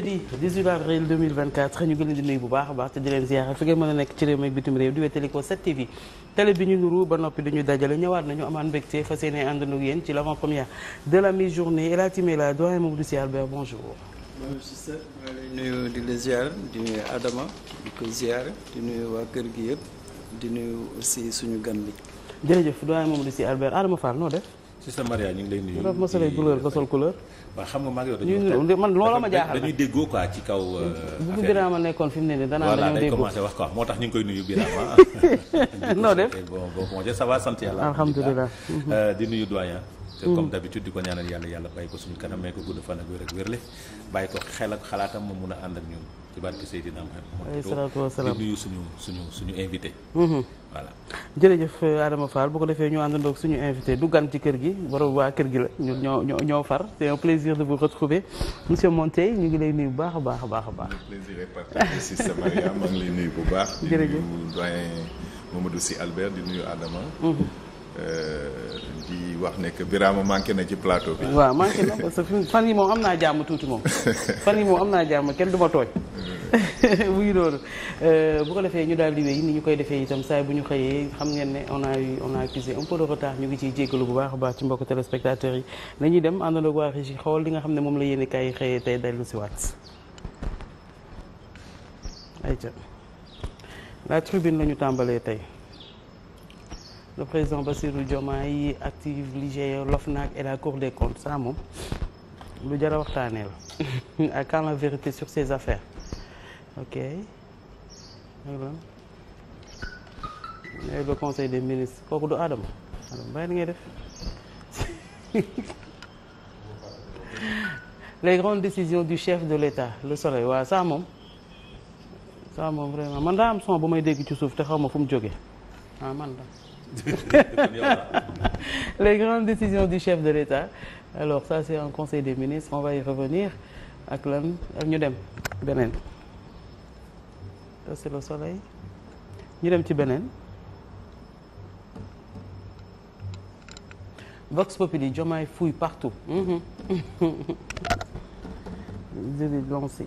jeudi 18 avril 2024 ñu ngi di nuyu bu baax a baax te di leen ziyaar fi ngeen mën a nekk ci réew mi bitim réew di wétali ko 7TV télé bi ñu nuru ba noppi du dajale ñëwaat nañu amaan mbégte fas yéene ànd ak yéen ci l'avant-première de la mi-journée El Hadj Mela di di Adama ko ziyaar di nuyu waa kër gi yëpp di nuyu suñu gan bi. jërëjëf doyen Mamadou Sy Albert Adama Fall noo def. Cissé Maria ñu ngi lay nuyu. di di di di waaw xam nga maa ngi yow dañuy man a ma jaaxal dañuy déggoo quoi ci kaw. Euh, bu fi nekkoon fi mu ne nii danaa dañoo déggoo voilà day commencé wax moo tax ñu ngi koy nuyu Birama. noo def bon bon ça va sant yàlla. alhamdulilah euh, di nuyu doyen. comme mm. d'habitude di ko ñaanal yàlla yàlla bàyyi ko suñu kanam may ko gudd fan ak wér ak wérle bàyyi ko xel ak xalaatam mu mun a ànd ak ñun ci barke Seydina Muhammad di nuyu suñu suñu suñu invité mm-hmm. voilà jërëjëf euh, Adama Fall ko defee ñu àndandoog suñu invité du gan ci kër gi borom waa kër gi la ñu ñoo ñoo ñoo far c'est un plaisir de vous retrouver monsieur Montey ñu ngi lay nuyu bu baax baax a baax baax plaisir est partagé si sa Maria bu baax jërëjëf di nuyu doyen Mamadou Sy Albert di nuyu Adama mm-hmm. euh, di wax ne que Birama manqué na ci plateau bi. waaw manqué na parce que fan yi moom am naa jàmm tuuti moom fan yi moom am naa jàmm kenn du ma tooñ. muy loolu euh, bu ko defee ñu daal di wéy ni ñu koy defee itam saay bu ñu xëyee xam ngeen ne on a eu on a accusé ñu ngi ciy jéggalu bu baax baax ci mbokk téléspectateurs yi nañuy dem àndandoo waa Régie xool li nga xam ne moom la yéen kaay yi xëyee tey dellu si waat. ayca la tribune la ñu tàmbalee tey. le président Bassirou Diomaye active l'IGE l'OFNAC et la Cour des comptes ça moom lu jar a waxtaanee la à quand la vérité sur ces affaires ok le conseil des ministres kooku du Adama Adama bàyyi ngay def les grandes décisions du chef de l'État le soleil waa ça moom ça moom vraiment man daa am son bu may dégg ci suuf te xaw ma fu mu jógee ah man da les grandes décisions du chef de l'État alors ça c'est un conseil des ministres on va revenir ak lan ak ñu dem beneen c'est le soleil ñu dem ci beneen Vox Populi Diomaye fouille partout mhm. jëli lancé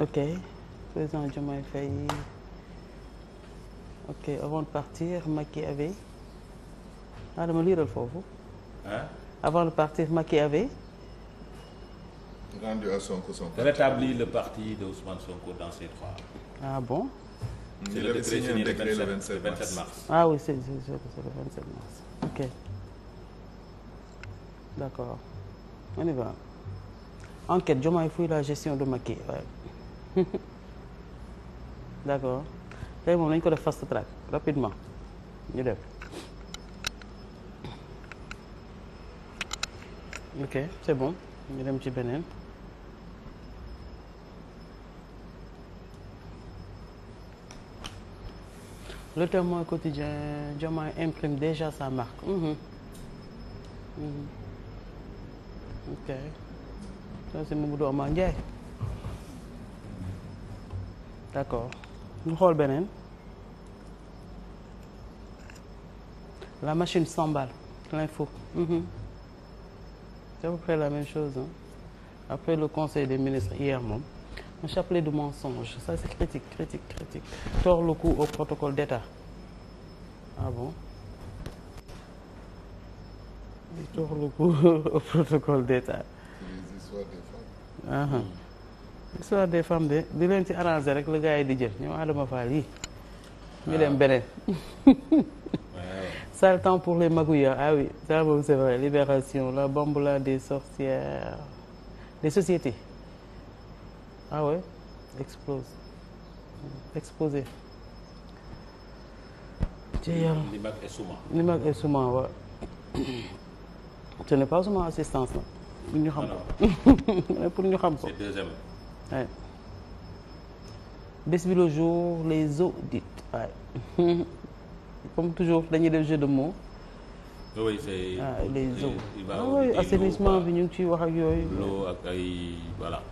ok président Diomaye Faye ok avant de partir Macky avait ah dama liiral foofu. avant de partir Macky avait. rendu à Sonko son parti. rétablit le parti de Ousmane Sonko dans ses droits. ah bon. c'est le décret signé le 27 le 27 mars. mars. ah oui c'est c'est le 27 mars ok d'accord on y va enquête Diomaye fouille la gestion de Macky ouais. d'accord tey moom nañu ko def fast track rapidement ñu dem. ok c'est bon ñu dem ci beneen. le témoin quotidien Diomaye imprime déjà sa marque. Mmh. Mmh. ok ça c'est Mamadou Omar Ndiaye d'accord ñu xool beneen. la machine s'emballe l'info. Mmh. c'est à peu près la même chose hein. après le conseil des ministres hier moom un chapelet de mensonges ça c'est critique critique critique tord le cou au protocole ah bon il tord le cou au protocole d'État ah les histoires ah ah. des femmes de di leen ci arranger rek la gars yi di jël ñoom Adama Fall yi ñu dem beneen sale temps pour les magouilleurs ah oui ça moom c'est vrai Libération la bamboula des sorcières des sociétés ah ouais explose exposé. ci yàlla Limak et Souma. Limak et Souma waaw. ce n'est pas seulement assistance la. pour ñu xam ko pour ñu xam ko. c'est deuxième. waaye bés bi le jour les audits waaye. comme toujours dañuy def jeu de mots. oui c'est ah, ah bi ñu ngi ciy wax ak yooyu. l'eau ak ay voilà.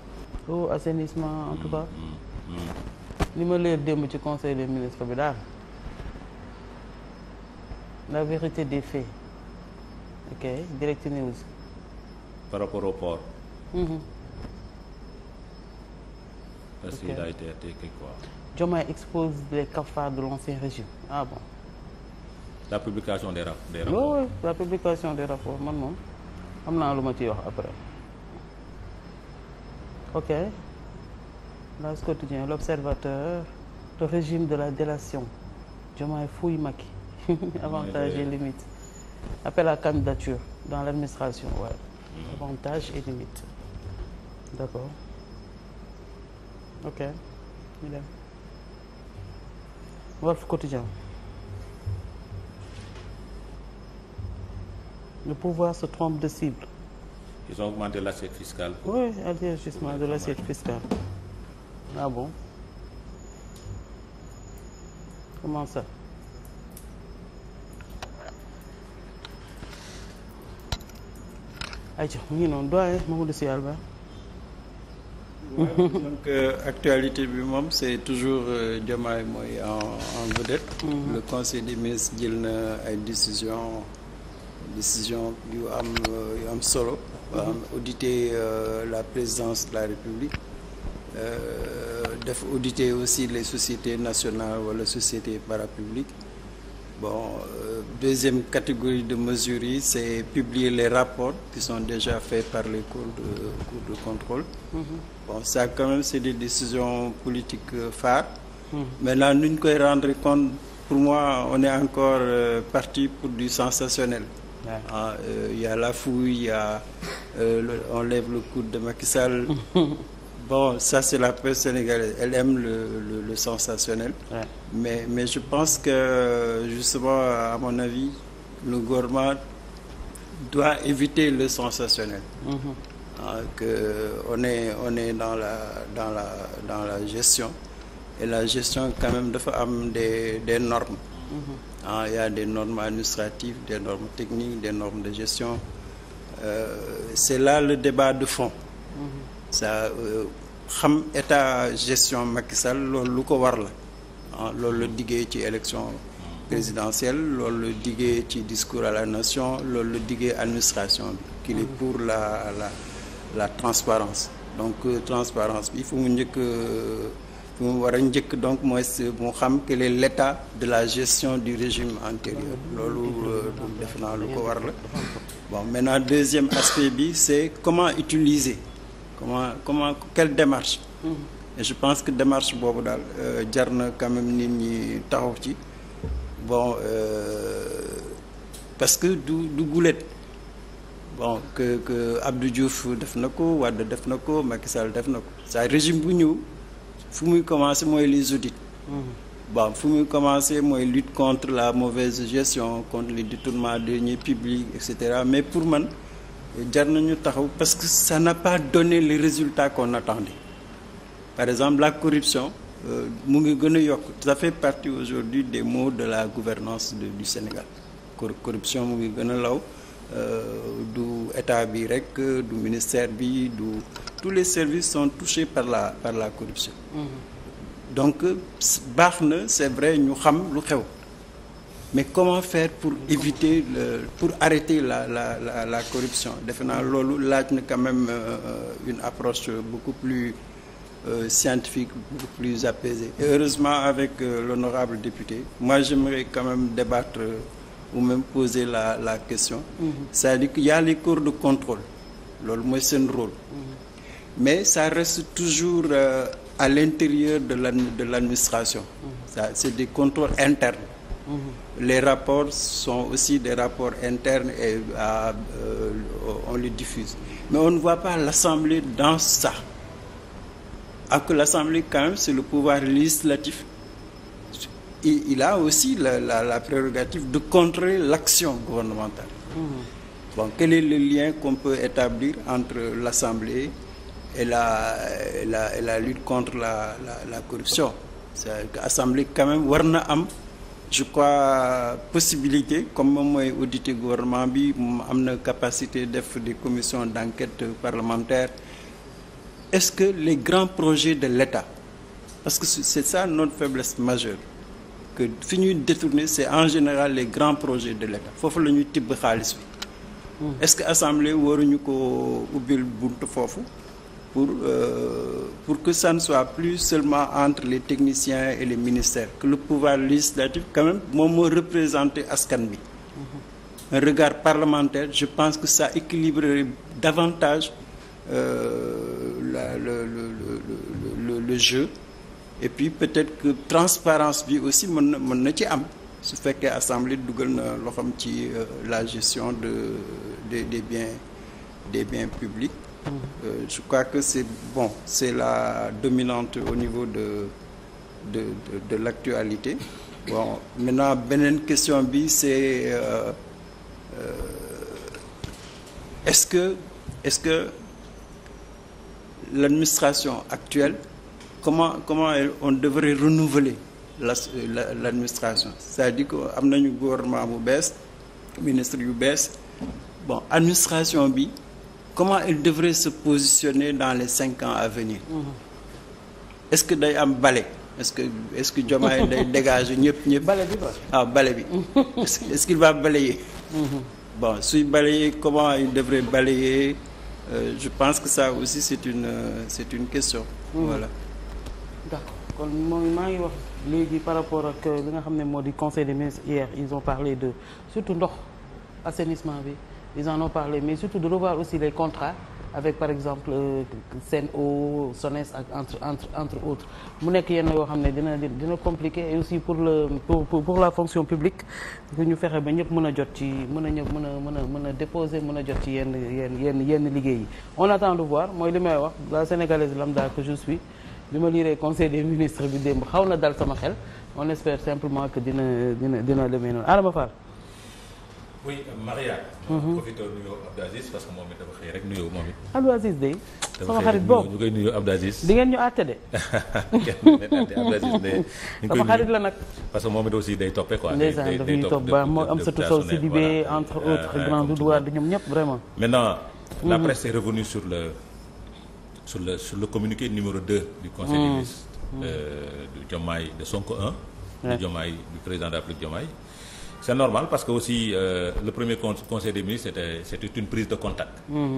en tout cas. Mm, mm, mm. li ma leer démb ci conseil des ministres bi daal la vérité des faits ok direct news. par rapport au port. Mmh. expose les cafards de l'ancien régime ah la publication des rapports des rapports. Oui, la publication des rapports man moom am lu ma ciy wax après. ok L'As quotidien l'observateur le régime de la délation Diomaye fouille Macky avantages et limites appel à candidature dans l waaw ouais. Mm-hmm. avantages et limites d'accord ok ñu dem le pouvoir se trompe de cible. Ils ont augmenté l'assiette fiscale. Pour... Oui, allergissement de l'assiette fiscale. Ah bon? Comment ça? ayca mu ngi noonu doyen Mamadou Sy Alba. donc euh, actualité bi moom c'est toujours euh, Diomaye euh, mooy en en vedette. Mm -hmm. le conseil des ministres jël na ay décisions. décision am yu am solo am mhm. auditer euh, la présidence de la République euh, def auditer aussi les sociétés nationales wala sociétés parapubliques bon euh, deuxième catégorie de mesures yi c'est publier les rapports qui sont déjà faits par les cours de cours de contrôle mhm. bon c'est des décisions politiques phares mhm. maintenant nu ñu koy rendre compte pour moi on est encore euh, parti pour du sensationnel Ouais. Ah, euh, il y a la fouille, il y a euh, le, on lève le coude de Macky Sall. bon, ça c'est la presse sénégalaise. Elle aime le, le, le sensationnel. Ouais. Mais, mais je pense que justement, à mon avis, le gouvernement doit éviter le sensationnel. Mm -hmm. ah, que on est, on est dans, la, dans, la, dans la gestion. Et la gestion quand même dafa am des, des normes. Mm -hmm. Hein, ah, y des normes administratives, des normes techniques, des normes de gestion. Euh, c'est là le débat de fond. Mm -hmm. ça euh, état gestion Macky Sall loolu lu ko war la ah, loolu la diggee ci élection présidentielle loolu la diggee ci discours à la nation loolu la diggee administration bi qu'il pour la la la transparence donc euh, transparence bi il faut mu njëkk euh, bi mu war a njëkk donc mooy mu xam quel est de la gestion du régime antérieur loolu euh, def naa lu ko war la bon maintenant deuxième aspect bi c' est comment utiliser comment comment quelle démarche je pense que démarche boobu daal euh, jar na quand nit ñi taxaw ci bon euh, parce que du du gulet bon que que Abdou Diouf def na ko Wade def na ko Macky def na ko sa régime bu ñëw fu muy commencer mooy les audits. bon mm-hmm. fu muy commencer mooy lutte contre la mauvaise gestion contre le détournement des deniers publics cetera mais pour man jar nañu taxaw parce que ça n'a pas donné les résultats qu'on attendait par exemple la corruption euh, mu ngi gën a yokk ça fait partie aujourd'hui des maux de la gouvernance de, du Sénégal corruption mu ngi gën a law Euh, du état bi rek du ministère bi du tous les services sont touchés par la par la corruption mhm. donc baax na c'est vrai ñu xam lu xew mais comment faire pour éviter le, pour arrêter la la la, la corruption defe naa loolu laaj na quand même euh, une approche beaucoup plus euh, scientifique beaucoup plus apaisée et heureusement avec euh, l'honorable député moi j'aimerais quand même débattre ou même poser la la question. Mm-hmm. c'est-à-dire qu'il y a les corps de contrôle loolu mooy seen rôle. Mm-hmm. mais ça reste toujours euh, à l'intérieur de la de l'administration. Mm-hmm. ça c'est des contrôles internes. les rapports sont aussi des rapports internes et à, euh, euh, on les diffuse mais on ne voit pas l'Assemblée dans ça alors que l'Assemblée quand même c'est le pouvoir législatif. et il a aussi la, la, la prérogative de contrer l'action gouvernementale. Mmh. Bon, quel est le lien qu'on peut établir entre l'Assemblée et la, et la, la, lutte contre la, la corruption L'Assemblée, quand même, warna am, je crois, possibilité, comme moi, auditer le gouvernement, am la capacité de faire des commissions d'enquête parlementaire. Est-ce que les grands projets de l'État, parce que c'est ça notre faiblesse majeure, fi ñuy détourner c'est en général les grands projets de l'État foofu la ñuy tibb xaalis bi hmm. est-ce que assemblée waruñu ko ubbil bunt foofu pour euh, pour que ça ne soit plus seulement entre les techniciens et les ministères que le pouvoir législatif quand moom moo représenter askan bi hmm. un regard parlementaire je pense que ça équilibrerait davantage euh, la, le, le, le, le jeu et puis peut-être que transparence bi aussi mën na mën na ci am su fekkee assemblée dugal na loxam ci euh, la gestion de des des biens des biens publics mm-hmm. euh, je crois que c'est bon c'est la dominante au niveau de de de, de l'actualité bon maintenant beneen question bi c'est euh, euh, est-ce que est-ce que l'administration actuelle comment comment on devrait renouveler la l' administration c'est-à-dire que am gouvernement bu bees ministre yu bees bon administration bi comment elle devrait se positionner dans les cinq ans à venir mm-hmm. est-ce que day am bale est-ce que est-ce que Diomaye day dégager ñëpp ñëpp bale bi ah bale bi est-ce qu'il va balayer mm-hmm. bon suy balayer comment il devrait balayer euh, je pense que ça aussi c'est une c'est une question mm-hmm. voilà kon mooy maa ngi wax léegi par rapport ak euh, li nga xam ne moo di conseil de ministres hier ils ont parlé de surtout ndox assainissement bi ils en ont parlé mais surtout de revoir aussi les contrats avec par exemple euh, Sen'Eau SONES ak entre entre entre autres mu nekk yenn yoo xam ne dina dina compliqué et aussi pour le pour pour la fonction publique que ñu fexe ba ñëpp mën a jot ci mën a ñëpp mën a mën a mën a déposer mën a jot ci yenn yenn yenn yenn liggéey yi on attend de voir mooy wax la sénégalaise lambda bi ma liiree conseil des ministre bi démb xaw na dal sama xel on espère simplement que dina dina dina demee noonu Adama Fall. oui Maria. Mhm. profité nuyoo Abdou Aziz parce que moom sama xarit boobu ñu koy nuyoo Abdou Aziz. di ngeen ñu àtte de. kenn ngeen àtte Abdou sama xarit la nag. parce que moom it aussi day toppee quoi. day day day topp ba moo am surtout Sow Sidibé entre ah, autres ah, grand Doudou Wade ñoom ñëpp vraiment. maintenant. la mhm. presse est revenue sur le. sur le sur le communiqué numéro de du conseil des mmh. euh, mmh. de Sonko 1 du Diomaye du président de la République Diomaye c'est normal parce que aussi euh, le premier conseil des ministres une prise de contact mmh.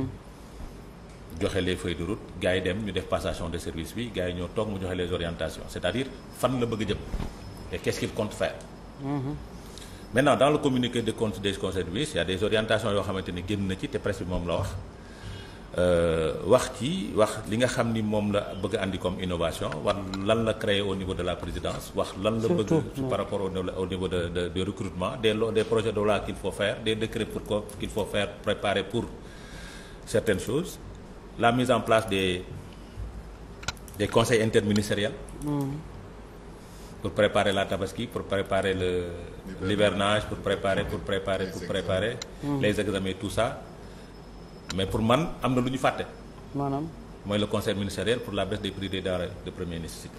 joxe les feuilles de route gars yi dem ñu def passation de service bi gars yi ñoo toog mu joxe les orientations c'est-à-dire fan la bëgg jëm et qu'est-ce qu'il compte faire mmh. communiqué de compte des conseils des ministres il des orientations yoo xamante ni génn na ci te presse bi moom la wax Euh, wax ci wax li nga xam ni moom la bëgg a andi comme innovation wax lan la créer au niveau de la présidence wax lan la bëgg par rapport au niveau de de de recrutement des des projets de loi qu'il faut faire des décrets pour quoi qu'il faut faire préparer pour certaines choses la mise en place des des conseils interministériels mm. pour préparer la tabaski pour préparer le l'hivernage pour préparer pour préparer pour préparer mm. les examens tout ça mais pour man am na lu ñu fàtte. maanaam. mooy le conseil ministériel pour la baisse des prix des denrées de première nécessité.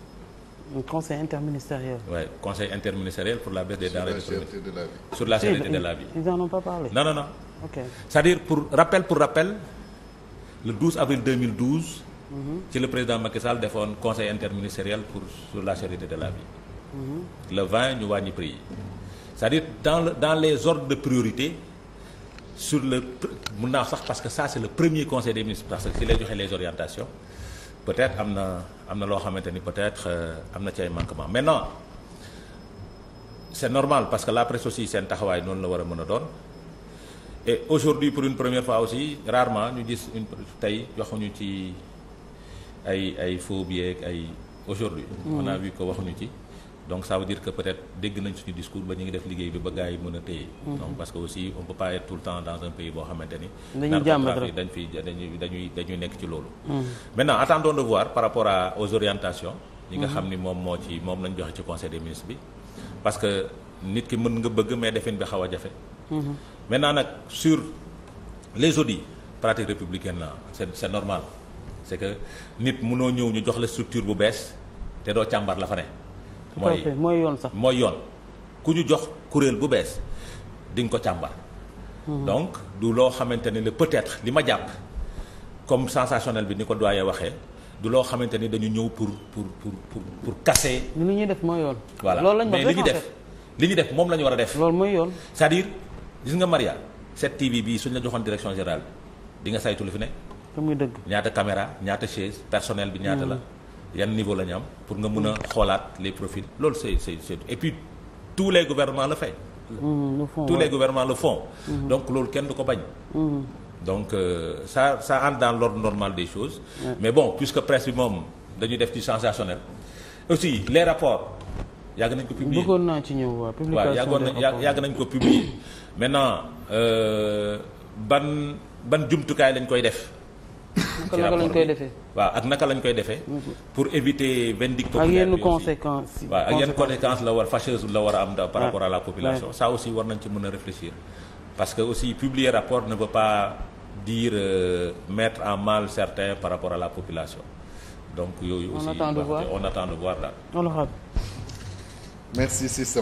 conseil interministériel. oui conseil interministériel pour la baisse des denrées de première sur la eh, cherté de la vie. ils en ont pas dire pour rappel pour rappel le avril mhm. ci le président Macky Sall defoon conseil interministériel pour sur la cherté de la vie. Mhm. le 20 ñu wàññi prix yi. cest dire dans dans les ordres de priorité. sur le mun naa sax parce que ça c'est le premier conseil des ministres parce que si lay joxe les orientations peut-être am na am na loo xamante ni peut-être euh, am na ci ay manquement mais maintenant c'est normal parce que la presse aussi seen taxawaay noonu la war a mën a doon et aujourd'hui pour une première fois aussi rarement ñu gis une tey waxuñu ci ay ay faux ak ay aujourd'hui on a vu que waxuñu ci donc ça veut dire que peut-être dégg nañ suñu discours ba ñu ngi def liggéey bi ba gars yi mën a téye. Mhm. donc parce que aussi on peut tout le temps dans un pays boo xamante ni. dañuy jàmm rek nekk ci loolu. Mhm. maintenant attendons de voir par rapport à aux orientations. ñi nga mhm. xam ni moom moo ci moom lañ joxe ci conseil des ministres bi parce que nit ki mën nga bëgg may defin bi xaw a jafe. maintenant nag sur les audits pratique républicaine la c'est c'est normal c'est que nit mënoo ñëw ñu jox la structure bu bees te doo càmbar la fa mooy mooy yoon sax mooy yoon ku ñu jox kuréel bu bees di nga ko càmbar. Mhm. donc du loo xamante ne la peut-être li ma jàpp comme sensationnel bi ni ko doyee waxee du loo xamante ni dañu ñëw pour pour pour pour pour casser. ni li ñuy def mooy yoon. voilà mais li ñu def li ñu def moom la ñu war a def. loolu mooy yoon. cest gis nga Maria cette TV bii suñ la joxoon direction générale di nga saytu lu fi ne. te ñaata caméra ñaata chaise personnel bi ñaata la. Mhm. yan niveau la ñu am pour nga mën a xoolaat les profils loolu c'est c'est c'est et puis tous les la fay font. Mmh, le font tous le font. Mmh. donc loolu kenn du ko bañ. Mmh. donc saa euh, saa ça entre dans normal des choses. mais bon puisque presse bi moom dañuy def ci sensationnel. aussi les rapports yàgg nañ ko publier bëggoon naa ci ñëw waaw publication yàggoon nañ yàgg nañ ko publier maintenant euh, ban ban jumtukaay lañ koy def. ci naka lañ defee waaw ak naka lañu koy defee mhm. pour éviter vindicte populaire ak yenn conséquences waaw ak yenn la war fâcheuse la war a am par rapport à la population ça aussi war nañ ci mën a réfléchir parce que aussi publier rapport ne ba pas dire euh, mettre en mal certains par rapport à la population donc yooyu aussi on attend de voir on attend de voir daal merci Sista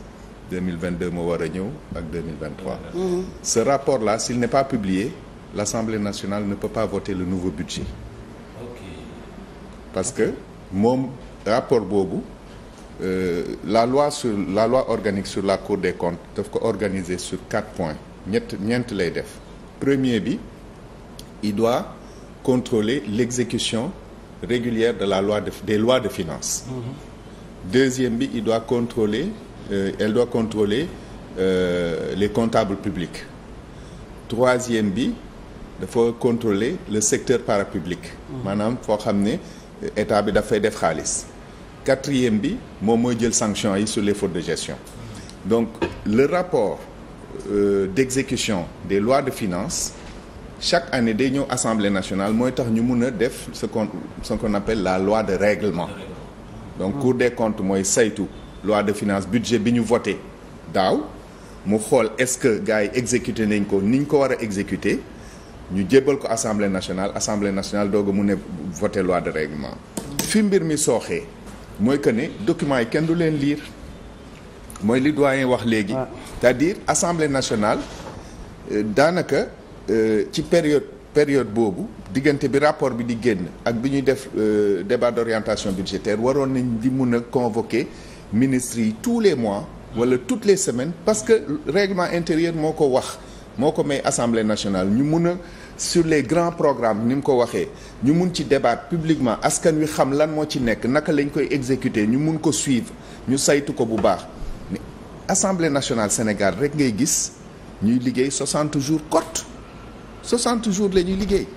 2022 moo war a ñëw ak 2023 mhm. ce rapport la s'il n'est pas publié l'Assemblée nationale ne peut pas voter le nouveau budget parce que moom rapport boobu euh, la loi sur la organique sur la Cour des comptes daf ko organiser sur quatre points ñett ñeent lay def premier bi il doit contrôler l'exécution régulière de la loi de, des de finances. Mhm. deuxième bi il doit contrôler Euh, elle doit contrôler euh, les comptables publics troisième bi dafa contrôler le secteur parapublic mmh. maanaam foo xam ne euh, état bi dafay def xaalis quatrième bi moom mooy jël sanction yi sur les fautes de gestion mmh. donc le rapport euh, d'exécution des lois de finance chaque année day ñëw assemblée nationale mooy tax ñu mun a def ce qu'on ce appelle la lois de règlement donc Cour des comptes mooy saytu loi de finance budget bi ñu voté daaw mu xool est-ce que gars yi exécuté nañ ko niñ ko war a exécuté ñu jébbal ko assemblée nationale assemblée nationale doog mu ne a voté loi de règlement. fi mbir mi sooxee mooy que ne document yi kenn du leen lire mooy li doyen wax léegi. c'est-à-dire assemblée nationale euh, daanaka euh, ci période période boobu diggante bi rapport bi di génn ak bi ñuy def euh, débat d'orientation budgétaire waroon nañ di mun a convoquer. ministres yi tous les mois wala toutes les semaines parce que règlement intérieur moo ko wax moo ko may assemblée nationale ñu mun a sur les grands programmes ni mu ko waxee ñu mun ci débattre publiquement askan wi xam lan moo ci nekk naka lañ koy exécuter ñu mun ko suivre ñu saytu ko bu baax mais assemblée nationale Sénégal rek ngay gis ñuy liggéey 60 jours courte 60 jours la ñuy liggéey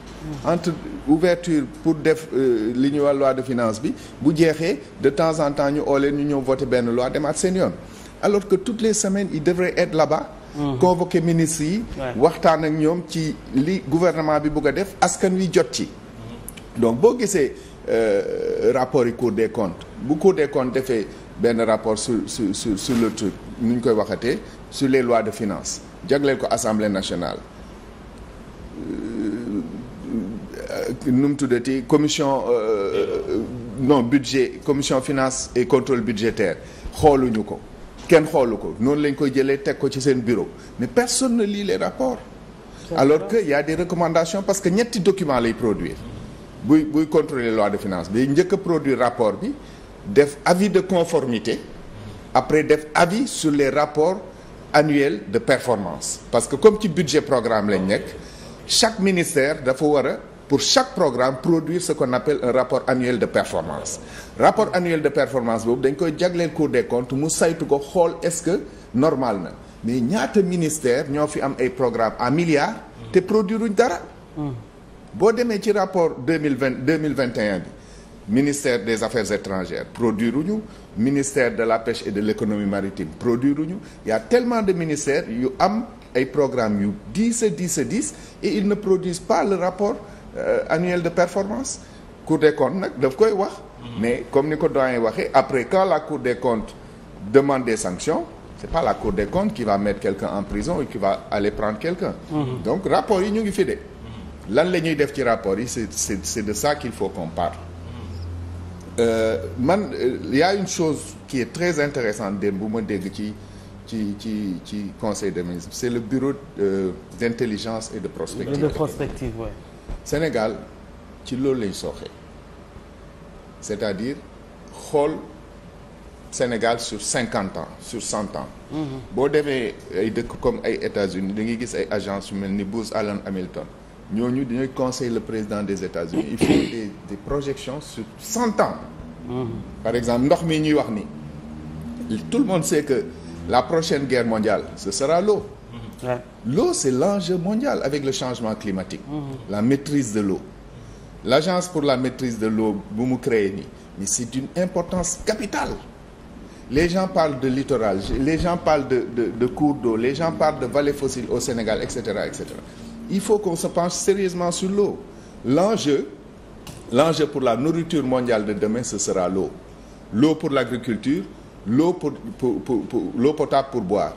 entre ouverture pour def euh, li ñu wax loi de finance bi bu jeexee de temps en temps ñu oo ñu ñëw voté benn loi demat seen yoon alors que toutes les semaines ils devraient être là-bas. Mmh. convoquer ministres yi. waxtaan ak ñoom ci li gouvernement bi bëgg a def askan wi jot ci. donc boo gisee euh, rapport yi cour des comptes bu cour des comptes defee benn rapport sur sur sur sur le truc nu ñu koy waxatee sur les lois de finances jagleel ko assemblée nationale. Euh, Euh, nu mu tuddati commission euh, euh, non budget commission finance et contrôle budgétaire xooluñu ko kenn xoolu ko noonu lañ koy jëlee teg ko ci seen bureau mais personne ne lit les rapports alors que y a des recommandations parce que ñetti document lay produire buy buy contrôler loi de finance bi njëkk a produire rapport bi def avis de conformité après def avis sur les rapport annuels de performance parce que comme ci budget programme lañ nekk chaque ministère dafa war a pour chaque programme produire ce qu'on appelle un rapport annuel de performance rapport annuel de performance boobu dañ koy jagleel Cour des comptes mu saytu ko xool est-ce que normal na mais ñaata ministère ñoo fi am ay programme à milliards te produiruñ dara boo demee ci rapport deux mille vingt deux mille vingt et un bi ministère des affaires étrangères produiruñu ministère de la pêche et de l'économie maritime produiruñu y a tellement de ministère yu am ay programmes yu dix a dix a dix et ils le rapport Euh, annuel de performance cour des comptes nag daf koy wax mhm. mais comme ni ko doyen waxee après quand la des comptes demande des sanctions c'est pas la cour des comptes qui va mettre quelqu'un en prison et qui va aller prendre quelqu'un mmh. yi ñu ngi fi de mhm. lan la ñuy def ci rapport yi c'est c'est c'est de ça qu'il faut qu'on parle mhm. euh, man il euh, y une chose qui est très intéressante des bu ma dégg ci ci ci ci conseil des ministres c'est le bureau euh, d'intelligence et de prospective de prospective Sénégal ci loolu lay sooxee c'est-à-dire xool Sénégal sur cinquante ans sur cent ans. Mm-hmm. boo demee ay dëkk comme ay États-Unis da ngay gis ay agence yu mel ni Booz Allen Hamilton ñooñu dañuy conseil le président des États-Unis il faut des des projections sur ans. Mm-hmm. par exemple ndox mi ñuy wax ni tout le monde sait que la prochaine guerre mondiale ce sera l'eau Ouais. L'eau, c'est l'enjeu mondial avec le changement climatique. Mmh. La maîtrise de l'eau. L'agence pour la maîtrise de l'eau, bu mu créé nii, mais c'est d'une importance capitale. Les gens parlent de littoral, les gens parlent de de de cours d'eau, les gens parlent de vallées fossiles au Sénégal, etc., etc. Il faut qu'on se penche sérieusement sur l'eau. L'enjeu, pour la nourriture mondiale de demain, ce sera l'eau. L'eau pour l'agriculture, l'eau pour, pour, pour, pour l'eau potable pour boire.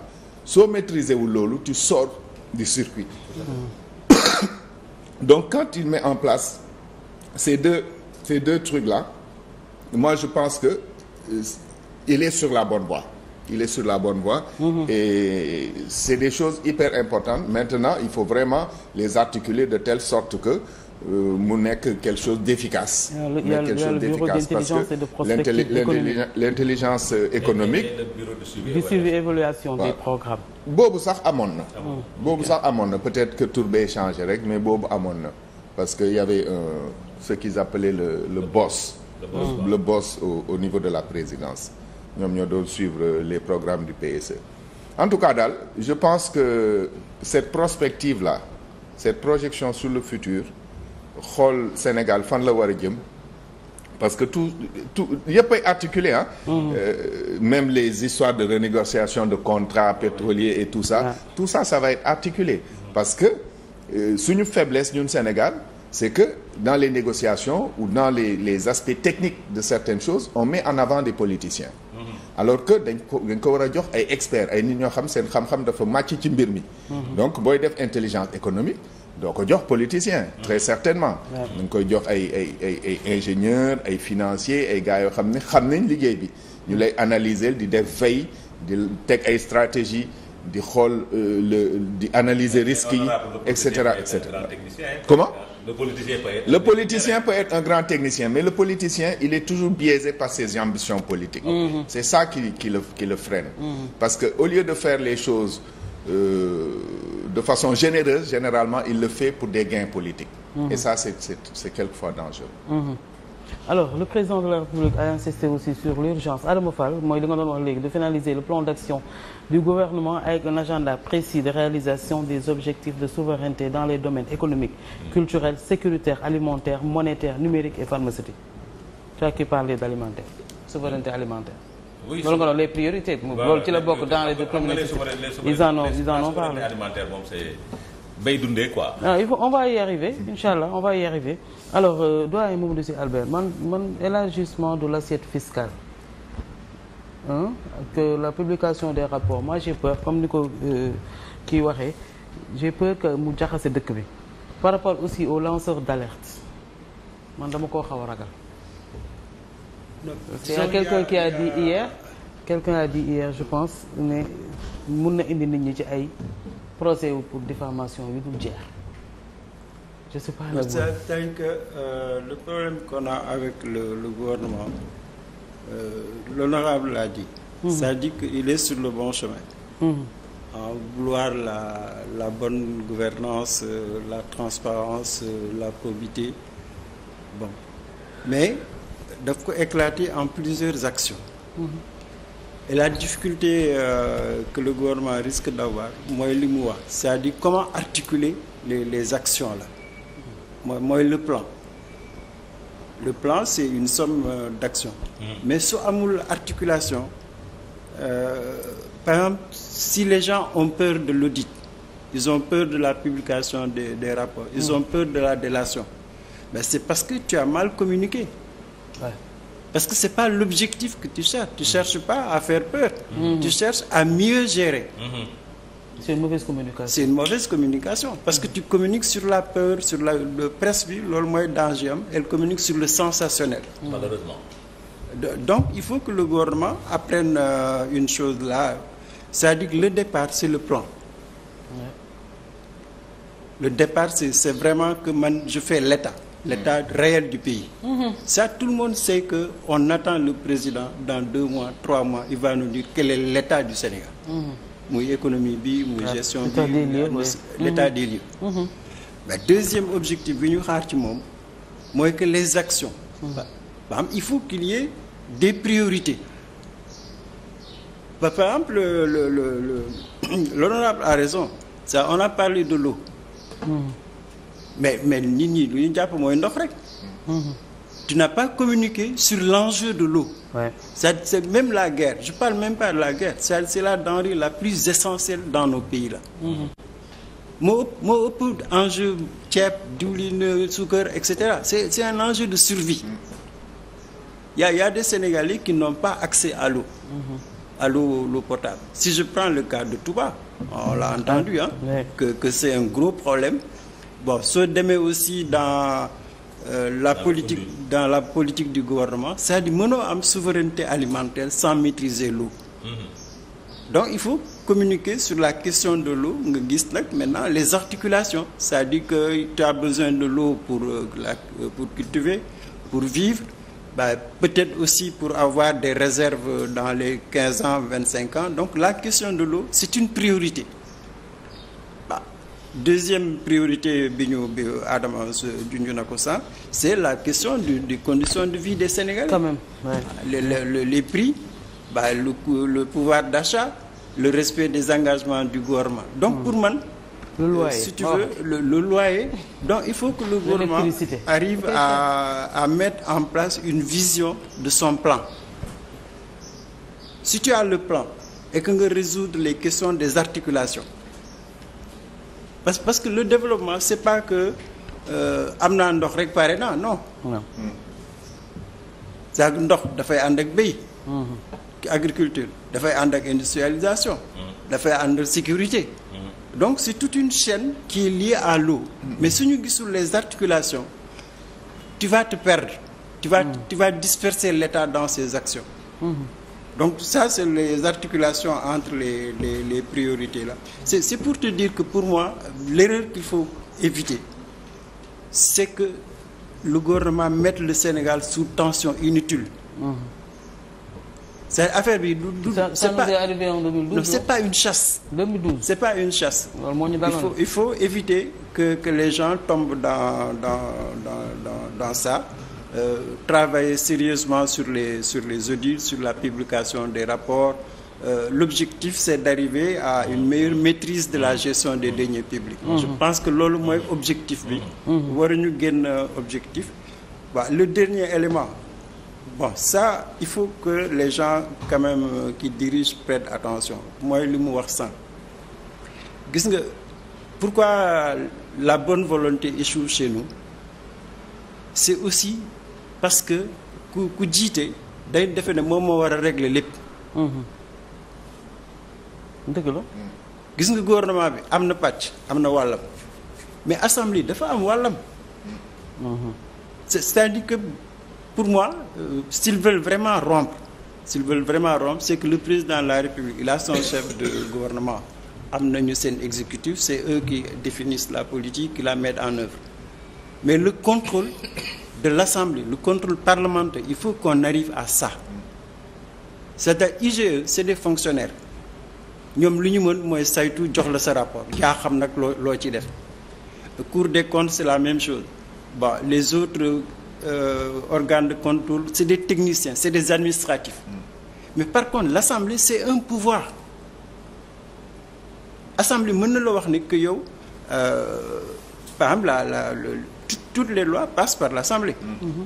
soo maîtriser wu loolu tu sors du circuit mmh. donc quand il met en place ces deux ces deux trucs là moi je pense que euh, il est sur la bonne voie il est sur la bonne voie mmh. et c'est des choses hyper importantes maintenant il faut vraiment les articuler de telle sorte que Euh, mu nekk quelque chose d'efficace. mais quelque chose d'efficace parce l'intelligence euh, économique. du suivi évaluation des programmes. boobu sax amoon na. Ah. boobu sax amoon na peut-être que tur bee changé rek mais boobu amoon na parce que y avait un euh, ce qu'ils appelaient le le boss. le boss au niveau de la présidence ñoom ñoo doon suivre les programmes du PSE. en tout cas daal je pense que cette prospective là cette projection sur le futur. xool Sénégal fan la war a jëm parce que tout tout yëpp ay articulé ah. même les histoires de renégociation de contrats pétroliers et tout ça. tout ça ça va être articulé. parce que euh, suñu faiblesse ñun Sénégal c'est que dans les négociations ou dans les les aspects techniques de certaines choses on met en avant des politiciens. Mm-hmm. alors que dañ ko dañ ko war a jox ay experts ay nit ñoo xam seen xam-xam dafa màcc ci mbir mi. Mm-hmm. donc booy def intelligence économique. donc ko jox politicien très certainement da nga koy jox ay ay ay ay ingénieur ay financier ay gars yoo xam ne xam nañ liggéey bi ñu lay analyser di def veille di teg ay stratégie di xool euh, le di analyser risques yi et cetera et cetera comment le politicien peut être le politicien peut être un grand technicien mais le politicien il est toujours biaisé par ses ambitions politiques mm-hmm. c'est ça qui qui qui le freine mm-hmm. parce que au lieu de faire les choses Euh, de façon généreuse généralement il le fait pour des gains politiques. Mmh. et ça c'est c'est quelquefois dangereux. Mmh. alors le président de la République a insisté aussi sur l'urgence Adama Fall mooy li nga doon wax léegi de finaliser le plan d'action du gouvernement avec un agenda précis de réalisation des objectifs de souveraineté dans les domaines économiques mhm. culturels sécuritaires alimentaires monétaires numériques et pharmaceutiques tu as qui parlé d'alimentaire souveraineté alimentaire oui loolu les priorités. loolu ci la bokk dans les deux premiers. ils en ont ils en ont parlé. alimentaire moom c'est on va y arriver incha on va y arriver alors euh, doyen Mamadou Sy Albert man man élargissement de l'assiette fiscale. Hein, que la publication des rapports moi j'ai peur comme ni ko euh, kii waxee j'ai peur que mu jaxase dëkk bi par rapport aussi aux lanceurs d'alerte man dama koo xaw a ragal. Il a quelqu'un qui a dit hier quelqu'un a dit hier je pense ne mun na indi nit ñi ci ay procès wu pour diffamation yu dul jeex je sais pas. que euh, le problème qu'on a avec le le gouvernement euh, l'honorable l'a dit. Mmh. c'est-à-dire qu'il est sur le bon chemin. en mhm. vouloir la la bonne gouvernance euh, la transparence euh, la probité bon mais. daf ko éclater en plusieurs actions et la difficulté euh, que le gouvernement risque d'avoir mooy li mu wax c'est-à-dire comment articuler les les actions là mooy mooy le plan le plan c'est une somme euh, d'actions mm. mais su amul articulation euh, par exemple si les gens ont peur de l'audit ils ont peur de la publication des des rapports ils mm. ont peur de la délation mais c'est parce que tu as mal communiqué Ouais. Parce que ce n'est pas l'objectif que tu cherches. Tu ne mm-hmm. cherches pas à faire peur. Mm-hmm. Tu cherches à mieux gérer. Mm-hmm. C'est une mauvaise communication. C'est communication. Parce que tu communiques sur la peur, sur la, le presby, l'olmoy danger, elle communique sur le sensationnel. Malheureusement. Donc, il faut que le gouvernement apprenne euh, une chose là. C'est-à-dire que le départ, c'est le plan. Ouais. Le départ, c'est vraiment que man, je fais l'État. l'état réel du pays. Ça, tout le monde sait que on attend le président dans deux mois, trois mois, il va nous dire quel est l'état du Sénégal. muy économie bi muy gestion des lieux. Mhm. Mhm. mais deuxième objectif bi ñu xaar ci moom mooy que les actions. Mhm. ba am il faut qu'il y ait des priorités. par exemple l'honorable a raison ça on a parlé de l'eau. mais mais nit ñi lu ñu jàpp mooy ndox rek. tu n'as pas communiqué sur l'enjeu de l'eau ouais. c'est même la guerre je parle même pas de la guerre c'est la denrée la plus essentielle dans nos pays là mm-hmm. moo ëpp moo ëpp enjeu ceeb diwlin suukar et cetera c'est c'est un enjeu de survie il mm-hmm. y a, il y a des Sénégalais qui n'ont pas accès à l'eau mm-hmm. à l'eau l'eau potable si je prends le cas de Touba on l'a entendu hein ouais. que que c'est un gros problème bon soo demee aussi dans euh, la, la politique dans la politique du gouvernement c'est-à-dire mënoo am souveraineté alimentaire sans maîtriser l'eau mmh. donc il faut communiquer sur la question de l'eau nga gis nag maintenant les articulations c'est-à-dire que tu as besoin de l'eau pour euh, la euh, pour cultiver pour vivre bah, peut-être aussi pour avoir des réserves dans les quinze ans vingt-cinq ans donc la question de l'eau c'est une priorité deuxième priorité bi ñu bi Adama junj na ko sax c'est la question du des conditions de vie des Sénégalais. quand même les, prix le le pouvoir d'achat le respect des engagements du gouvernement. donc hmm. pour man. le euh, loyer si tu veux le, le loyer. donc il faut que le gouvernement arrive à à mettre en place une vision de son plan. si tu as le plan et que nga résoudre les questions des articulations. parce parce que le développement c'est pas que euh, am na ndox rek pare na non. non hmm. ndox dafay ànd ak béy. Hmm. agriculture dafay ànd ak industrialisation. Hmm. dafay ànd sécurité. donc c'est toute une chaîne qui est à l'eau mais suñu gisul les articulations tu vas te perdre. tu vas tu vas disperser l'État dans ses actions. donc ça c'est les articulations entre les les, les priorités là c'est pour te dire que pour moi l'erreur qu'il faut éviter c'est que le gouvernement mette le Sénégal sous tension inutile mmh. c'est affaire bi du du c'est pas arrivé une chasse 2012 c'est pas il faut il éviter que que les gens tombent dans dans euh, travailler sérieusement sur les, sur les audits, sur la publication des rapports. Euh, L'objectif, c'est d'arriver à une meilleure maîtrise de la gestion des deniers publics. Mm Je mhm. pense que loolu mooy objectif bi. Mhm. waruñu génn euh, objectif. waaw le dernier élément. bon ça il faut que les gens quand même euh, qui dirigent prêtent attention mooy li mu wax sànq gis nga pourquoi la bonne volonté échoue chez nous c'est aussi parce que ku ku jiite day defe na moom moo war a régler lépp. Mhm. dëgg la. gis nga gouvernement bi am na pàcc am na wàllam mais assemblée dafa am wàllam. Mhm. c'est-à-dire que pour moi euh, s'ils veulent vraiment rompre s'ils veulent vraiment rompre c'est que le président de la République il a son chef de gouvernement am nañu seen exécutif c'est eux qui définissent la politique qui la mettent en œuvre mais le contrôle de l'Assemblée, le contrôle parlementaire, il faut qu'on arrive à ça. C'est-à-dire IGE, c'est des fonctionnaires. ñoom lu ñu mën mooy saytu jox la sa rapport yaa xam nag loo loo ci def Cour des comptes c'est la même chose bon les autres euh, organes de contrôle c'est des techniciens c'est des administratifs mais par contre l'Assemblée c'est un pouvoir Assemblée mën na la wax ne yow euh, par exemple la la toutes les lois passent par l'Assemblée. Mmh.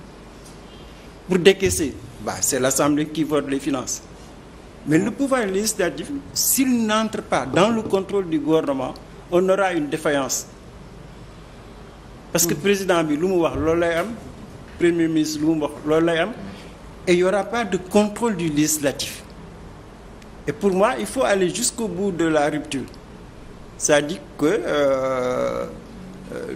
Pour décaisser, bah, c'est l'Assemblée qui vote les finances. Mais mm-hmm. le pouvoir législatif, s'il n'entre pas dans le contrôle du gouvernement, on aura une défaillance. Parce que mm-hmm. président bi lu mu wax loolu lay am premier ministre lu mu wax loolu lay am et il y aura pas de contrôle du législatif. Et pour moi, il faut aller jusqu'au bout de la rupture. cest à que euh, euh,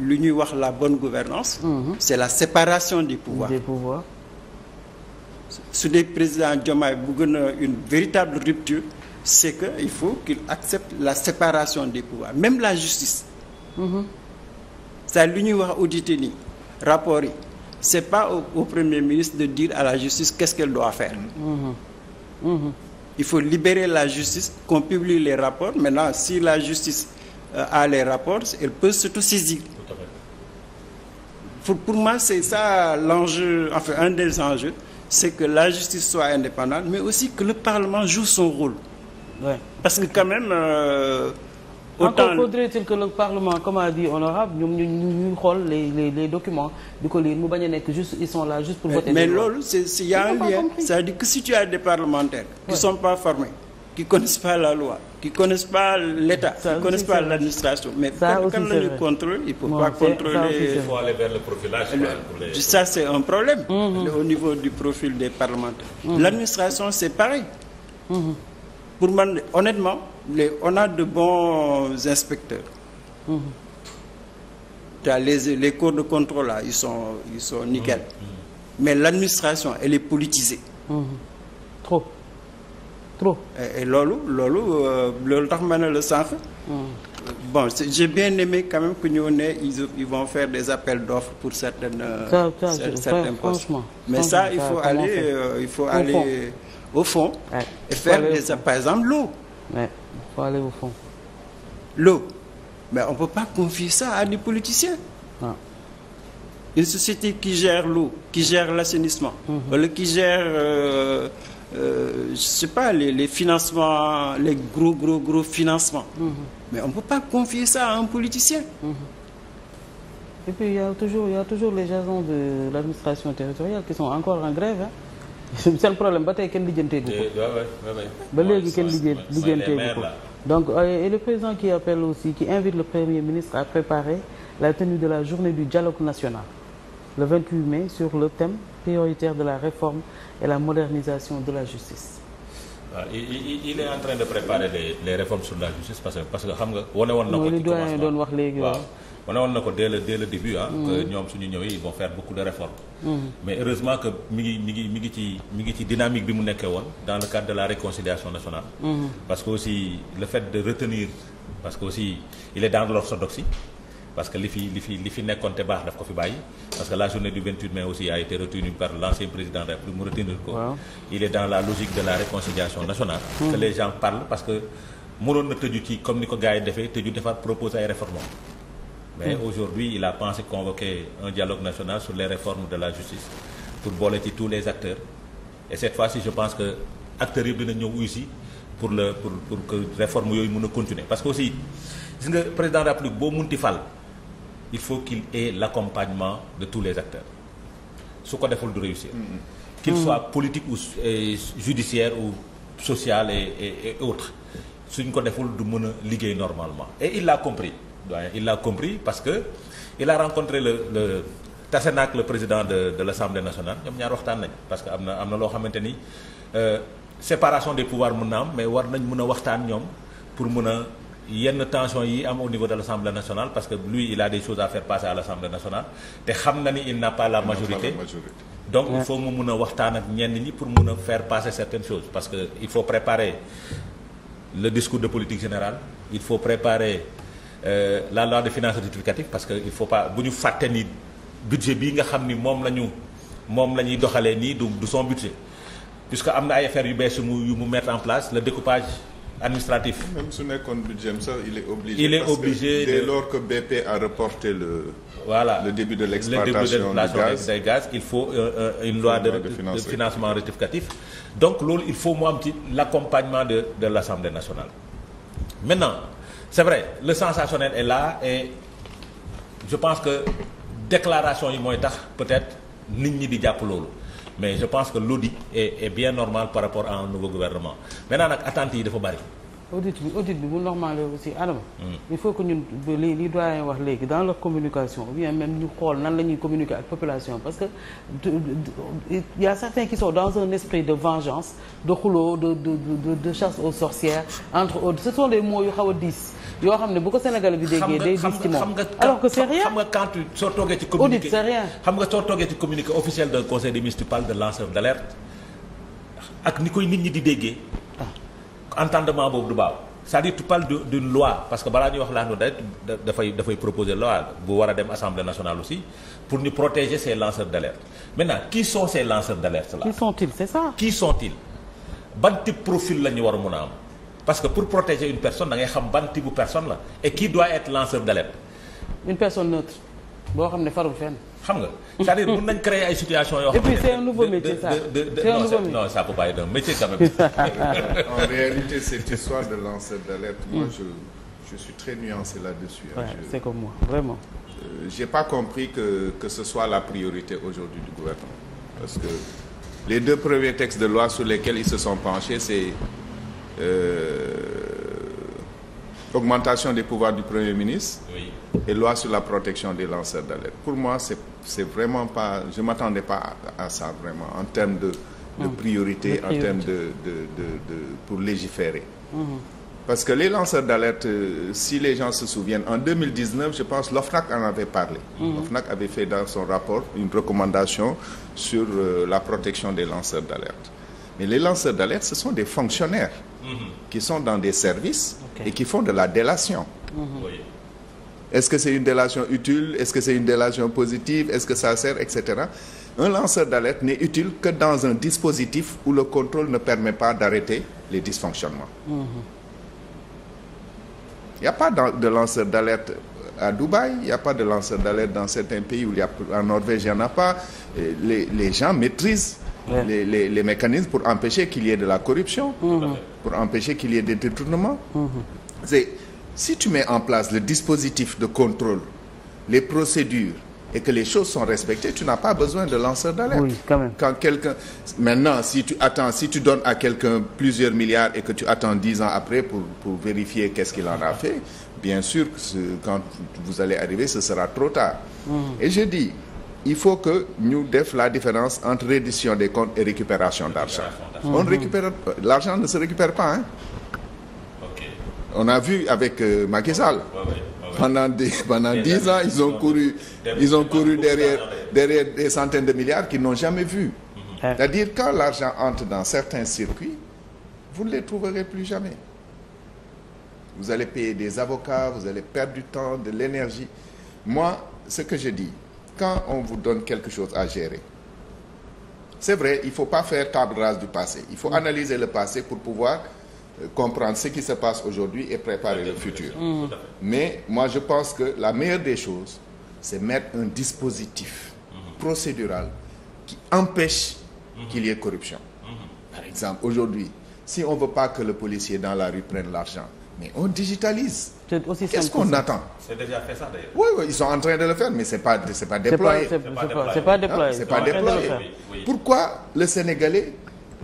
lu ñuy wax la bonne gouvernance mmh. c'est la séparation des pouvoirs des pouvoirs su président Diomaye bu gën a une véritable rupture c'est que il faut qu'il accepte la séparation des pouvoirs même la justice mmh. ça lu ñuy wax audité nii rapport yi c'est pas au, au premier ministre de dire à la justice qu'est-ce qu'elle doit faire mmh. il faut libérer la justice qu'on publie les rapports maintenant si la justice euh, a les rapports elle peut s'autosaisir pour, pour moi, c'est ça l'enjeu, enfin un des enjeux, c'est que la justice soit indépendante, mais aussi que le Parlement joue son rôle. Ouais. Parce que quand même... Euh, Autant... Encore faudrait-il que le Parlement, comme a dit Honorable, ñoom ñu ñu xool les les les documents di ko lire mu bañ a nekk juste ils sont là juste pour voter. Mais loolu c'est il y a un lien, c'est-à-dire que si tu as des parlementaires qui ouais. sont pas formés qui connaissent pas la loi, qui connaissent pas l'État, qui connaissent pas l'administration. Mais ça quand, ne peuvent pas contrôler. il faut aller vers le profilage. c'est un problème mm -hmm. au niveau du profil des parlementaires. Mm -hmm. L'administration, c'est pareil. Mhm. Pour moi, honnêtement, on a de bons inspecteurs. Mhm. les, les cours de contrôle, là, ils sont, ils mhm. Mais l'administration, elle est politisée. trop et loolu loolu euh, loolu tax ma ne la sànq. Hmm. bon j'ai bien aimé quand même ils vont faire des appels d'offres pour certaines. Euh, ça, ça, certains postes mais ça il faut aller euh, au fond. et faire des par exemple l'eau. Ouais. il faut aller au fond. l'eau mais on peut pas confier ça à des politiciens. une société qui gère l'eau qui gère l'assainissement. Mm-hmm. wala mm qui gère. euh, je sais les, les, les gros, gros, mhm. Mais on ne peut pas confier ça à un politicien. Mhm. a toujours, les gens de l'administration territoriale encore en grève. Hein. C'est le problème. Bah, quel lijanteegu ko. Eh, ba léegi kenn lijan lijanteegu donc euh, et le président qui appelle aussi qui ministre à préparer la tenue de la journée du dialogue national le 28 mai sur le thème. prioritaire de la réforme et la modernisation de la justice. waaw il, il est en train de préparer les, réformes sur la justice parce que parce que xam nga wane woon na ko ci commencement doon wax léegi waaw début que mm. ñoom suñu ñëwee ils vont faire beaucoup de réformes mm. mais heureusement que mi ngi mi ngi mi ngi ci mi ngi ci dynamique bi mu nekkee woon dans le cadre de la réconciliation nationale mm. parce que aussi le fait de retenir parce que aussi il est dans l'orthodoxie parce que li fi li fi li fi nekkoon te baax daf ko fi bàyyi parce que la journée du 28 aussi a été retenue par l'ancien président de la République mu retenir ko il est dans la logique de la réconciliation nationale hmm. que les gens parlent parce que mënoon na tëju ci comme ni ko gars yi defee tëju defar proposer ay réformes mais hmm. aujourd'hui il a pensé convoquer un dialogue national sur les réformes de la justice pour boole ci tous les acteurs et cette fois je pense que acteurs yëpp dina ñëw uyu si pour le pour pour que réforme yooyu mën a continuer parce que aussi nga président de la République boo fal il faut qu'il ait l'accompagnement de tous les acteurs su ko deful du réussir qu'il soit politique ou euh, judiciaire ou social et, et, et autre suñ ko deful du mun a liggéey normalement et il l'a compris il l'a compris parce que il a rencontré le le tase naak le président de de l'Assemblée nationale ñoom ñaar waxtaan nañ parce que am na am na loo xamante ni euh, séparation des pouvoirs mun na am mais war nañ mun a waxtaan ñoom pour mën a yenn tension yi am au niveau de l'Assemblée nationale parce que lui il a des choses à faire passer à l'Assemblée nationale te xam na ni il n'a pas la majorité donc il mu mun a waxtaan ak ñenn ñi pour mun a faire passer certaines choses parce que il faut préparer le discours de politique générale il faut préparer euh, la loi de finances rectificative parce que il faut pas bu ñu fàtte ni budget bii nga xam ni moom la ñu moom la ñuy doxalee nii du du son budget puisque am na ay yu bees yu mu yu mu mettre en administratif. su nekkoon budget sax il est obligé. il est parce dès lors que BP a reporté le. voilà le début de l'exploitation du gaz des gaz il faut euh, euh une loi de, de, de financement rectificatif donc loolu il faut mu am ci l'accompagnement de de l'Assemblée nationale. maintenant c'est vrai le sensationnel est là et je pense que déclaration yi mooy tax peut-être nit ñi di jàpp loolu. mais je pense que l'audit est est bien normal par rapport à un nouveau gouvernement maintenant nag attentes yi dafa bari. audit bi audit bi bu normal aussi Adama. Hmm. il faut que ñun li li doyen wax léegi dans leur communication ou bien même ñu xool nan la ñuy communiquer ak population parce que il y a certains qui sont dans un esprit de vengeance de xuloo de de de de chasse aux sorcières entre autres ce sont des mots yu xaw diis yoo xam ne bu ko Sénégal bi déggee day diis ci moom nga quand tu soo toogee ci communiqué audit c'est nga soo toogee ci communiqué officiel d'un conseil des ministres tu parles de lanceur d'alerte ak ni koy nit ñi di déggee. entendement boobu du baax c'est-à-dire tu parles de d'une loi parce que balaa ñuy wax laa nu date dafay dafay proposer loi bu war a dem assemblée nationale aussi pour ñu protéger ces lanceurs d'alerte maintenant qui sont ces lanceurs d'alerte là. qui sont-ils c'est ça. profil la war a mun a am parce que pour protéger une personne da xam ban type bu personne la et qui doit être lanceur d'alerte. une personne neutre boo xam ne farul fenn. xam nga. c'est-à-dire mën nañ créer ay situation yoo xam ne. et de de de non non ça peut en réalité cette histoire de lanceur d'alerte. Mm. je je suis très nuancé là-dessus. Ouais, c'est comme moi vraiment. Euh, pas compris que ce soit la priorité aujourd'hui du gouvernement parce que les deux premiers textes de loi sur lesquels ils se sont penchés c'est euh, des pouvoirs du Premier ministre. et loi sur la protection des lanceurs d'alerte. Pour moi, c'est c'est vraiment pas je m'attendais pas à, à, vraiment en termes de de mmh. priorité, pour légiférer. Mm -hmm. Parce que les lanceurs d'alerte euh, si les gens se souviennent en 2019, je pense l'OFNAC en avait parlé. Mm -hmm. L'OFNAC avait fait dans son rapport une recommandation sur euh, la protection des lanceurs d'alerte. Mais les lanceurs d'alerte ce sont des fonctionnaires mm qui sont dans des services okay. et qui font de la délation. Mmh. est-ce que c'est une délation utile est-ce que c'est une délation positive est-ce que ça sert etc un lanceur d'alerte n'est utile que dans un dispositif où le contrôle ne permet pas d'arrêter les dysfonctionnements il mmh. n'y a pas de lanceur d'alerte à Dubaï, il n'y a pas de lanceur d'alerte dans certains pays où il y a, en Norvège, il n'y en a pas. Les, les gens maîtrisent ouais. les, les, les, mécanismes pour empêcher qu'il y ait de la corruption, mmh. pour empêcher qu'il y ait des détournements. Mmh. C'est si tu mets en place le dispositif de contrôle, les procédures et que les choses sont respectées, tu n'as pas besoin de lanceur d'alerte. Oui, quand même. Quand quelqu'un maintenant si tu attends si tu donnes à quelqu'un plusieurs milliards et que tu attends dix ans après pour pour vérifier qu'est-ce qu'il en a fait, bien sûr que ce, quand vous allez arriver ce sera trop tard. Mmh. Et je dis il faut que ñu def la différence entre reddition des comptes et récupération d'argent. Hmm. On ne récupère l'argent ne se récupère pas hein. on a vu avec euh, Macky Sall. Pendant des, pendant dix ans, ils ont couru, ils ont couru derrière, derrière des centaines de milliards qu'ils n'ont jamais vus. Mm-hmm. C'est-à-dire quand l'argent entre dans certains circuits, vous ne les trouverez plus jamais. Vous allez payer des avocats, vous allez perdre du temps, de l'énergie. Moi, ce que je dis, quand on vous donne quelque chose à gérer, c'est vrai, il ne faut pas faire table rase du passé. Il faut mm. analyser le passé pour pouvoir comprendre ce qui se passe aujourd'hui et préparer le futur. Mais je pense que la meilleure des choses, c'est mettre un dispositif mmh. procédural qui empêche mmh. qu'il y ait corruption. Par exemple, aujourd'hui, si on ne veut pas que le policier dans la rue prenne l'argent, mais on digitalise. Qu'est-ce qu'on attend ils sont en train de le faire, mais ce n'est pas, déployé. Pourquoi le Sénégalais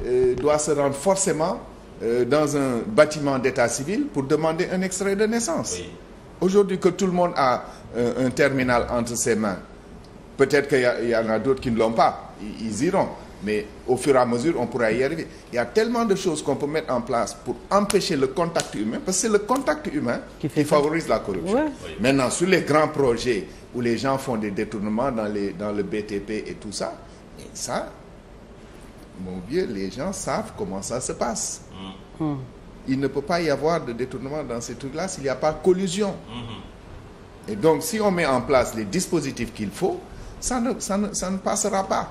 euh, doit se rendre forcément euh, dans un bâtiment d'état civil pour demander un extrait de naissance. Oui. Aujourd'hui que tout le monde a euh, un terminal entre ses mains, peut-être qu'il y, y, en a d'autres qui ne l'ont pas, ils, ils iront. Mais au fur et à mesure, on pourra y arriver. Il y a tellement de choses qu'on peut mettre en place pour empêcher le contact humain, parce que c'est le contact humain qui, qui favorise la corruption. Ouais. Oui. Maintenant, sur les grands projets où les gens font des détournements dans, les, dans le BTP et tout ça, et ça, mon vieux, les gens savent comment ça se passe. Mmh. Il ne peut pas y avoir de détournement dans ces trucs-là s'il n'y a pas collusion. Mmh. Et donc, si on met en place les dispositifs qu'il faut, ça ne, ça, ne, ça ne passera pas.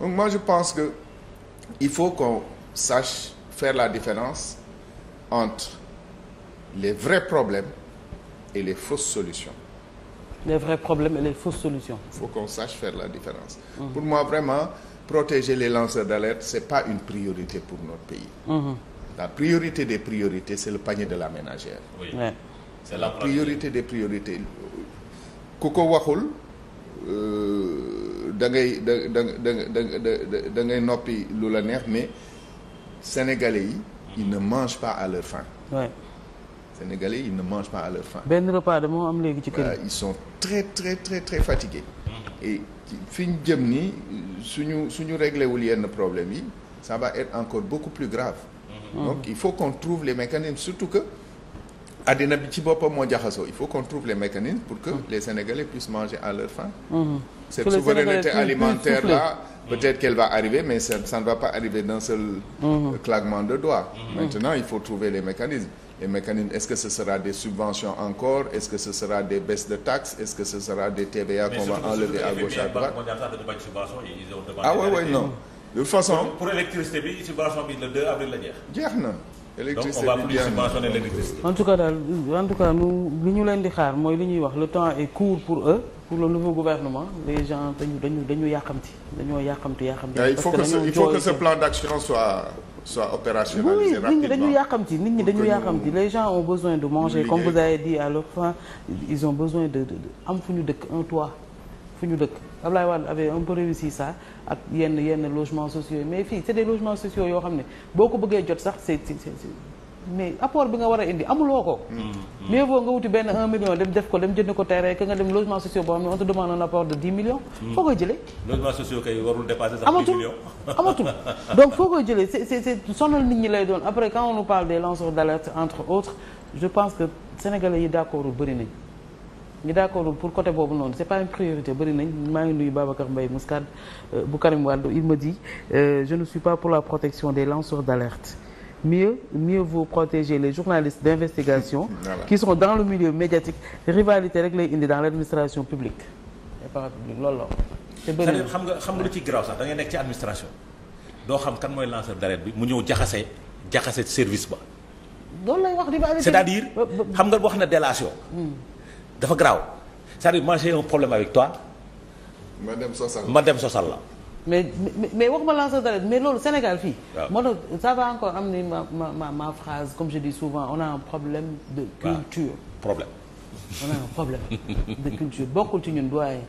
Donc, moi, je pense que il faut qu'on sache faire la différence entre les vrais problèmes et les fausses solutions. Les vrais problèmes et les fausses solutions. Il faut qu'on sache faire la différence. Mmh. Pour moi, vraiment, protéger les lanceurs d'alerte c'est pas une priorité pour notre pays mhm. la priorité des priorités c'est le panier de la ménagère oui. c'est la priorité des priorités ku ko waxul euh, da ngay noppi lu la neex mais sénégalais yi ils ne mangent pas à leur faim ouais. sénégalais ils ne mangent pas à leur faim benn repas de moo am léegi ci kër très très très très fi ñu jëm nii suñu suñu réglé wul yenn problème yi ça va être encore beaucoup plus grave. Mm-hmm. donc il faut qu'on trouve les mécanismes surtout que addina bi ci boppam moo jaxasoo il faut qu'on trouve les mécanismes pour que mm-hmm. les Sénégalais puissent manger à leur faim. Mm-hmm. cette souveraineté alimentaire là peut-être qu'elle va arriver mais ça, ça ne va pas arriver d'un seul claquement de doigts. maintenant il faut trouver les mécanismes. est-ce que ce sera des subventions encore est-ce que ce sera des baisses de taxes est-ce que ce sera des TVA qu'on va enlever à gauche à droite ah oui oui non de toute façon pour électricité bi subvention bi le 2 avril la jeex. jeex électricité bi jeex en tout cas daal en tout cas nous li ñu leen di xaar mooy li ñuy wax le temps est court pour eux pour le nouveau gouvernement les gens dañu dañu dañu yàqamti dañoo yàqamti yàqamti. Ah, parce que dañoo il faut que ce plan d'action soit. soit opérationnalisé oui, rapidement. nit ñi dañu yàqamti nit ñi dañu yàqamti les gens ont besoin de manger comme vous avez dit à leur ils ont besoin de am fu ñu dëkk un toit fu ñu dëkk Ablaye Wade avait un peu réussi n ak yenn yenn logements sociaux mais fii c'est des logements sociaux yoo xam ne boo ko bëggee jot sax c'est mais apport bi nga war a indi amuloo ko. mais mm, mm. boo nga wuti benn 1 million dem def ko dem jënd ko terrain que nga dem logement sociaux boo xam ne on te demande un apport de 10 millions. Mm. foo koy jëlee. logement sociaux kay warul dépasser sax amatul amatul donc foo koy jëlee c'est c'est sonal nit ñi lay doon après quand on nous parle des lanceurs d'alerte entre autres je pense que sénégalais yi d'accord bëri nañ. ñu d'accord pour côté boobu noonu c'est pas une maa ngi nuyu Babacar Mbaye Mouskade euh, bu Karim Wade il me dit euh, je ne suis pas pour la protection des mieux mieux vaut protéger les journalistes d'investigation voilà. qui dans le milieu médiatique rivalité rek lay indi dans l'administration publique et parapublique loolu la te bëri xam nga xam nga lu ci garaaw sax da nekk ci administration doo xam kan mooy lanceur d'alerte bi mu ñëw jaxase jaxase service ba loolu lay wax li ba c'est-à-dire xam nga wax na délation hmm. dafa graaw c'est-à-dire moi j'ai un problème avec toi ma dem sosal ma dem sosal la mais mais waxuma lanceur d'alerte mais loolu Sénégal fii. moo tax ça va encore am ni ma ma ma phrase comme je dis souvent on a un problème de culture. problème. on a un problème de culture bokkul ci ñun doyen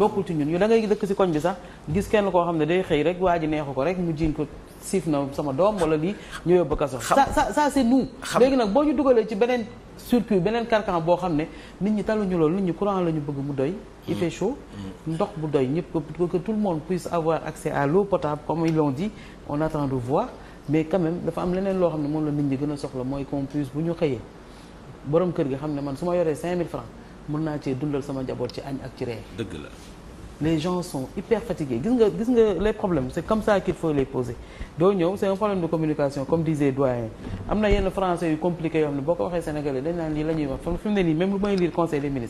bokkul ci ñun ñu da ngay dëkk si koñ bi sax gis kenn koo xam ne day xëy rek waa ji neexu ko rek mu jiiñ ko. siif na sama doom wala lii ñu yóbbu kaso ça ça ça c'est nous léegi nag boo ñu dugalee ci beneen circuit beneen carcan boo xam ne nit ñi taluñu loolu nit ñi courant la ñu bëgg mu doy mm. il fait mm. ndox bu doy ñëpp que tout le monde puisse avoir accès à l'eau potable comme ils l'ont dit on attend de voir mais quand même dafa am leneen loo xam ne moom la nit ñi gën a soxla mooy qu'on puisse bu ñu xëyee borom kër gi xam ne man su ma yoree mille francs mën naa cee dundal sama njaboot ci añ ak ci reer dëgg la les gens sont hyper fatigués gis nga gis nga les problèmes c'est comme ça qu'il faut les poser doo ñëw c'est un problème de communication comme disait doyen am na yenn français yu compliqué yoo xam ne boo ko waxee sénégalais dañ naan wax fi mu ne nii même lu may lire conseil des li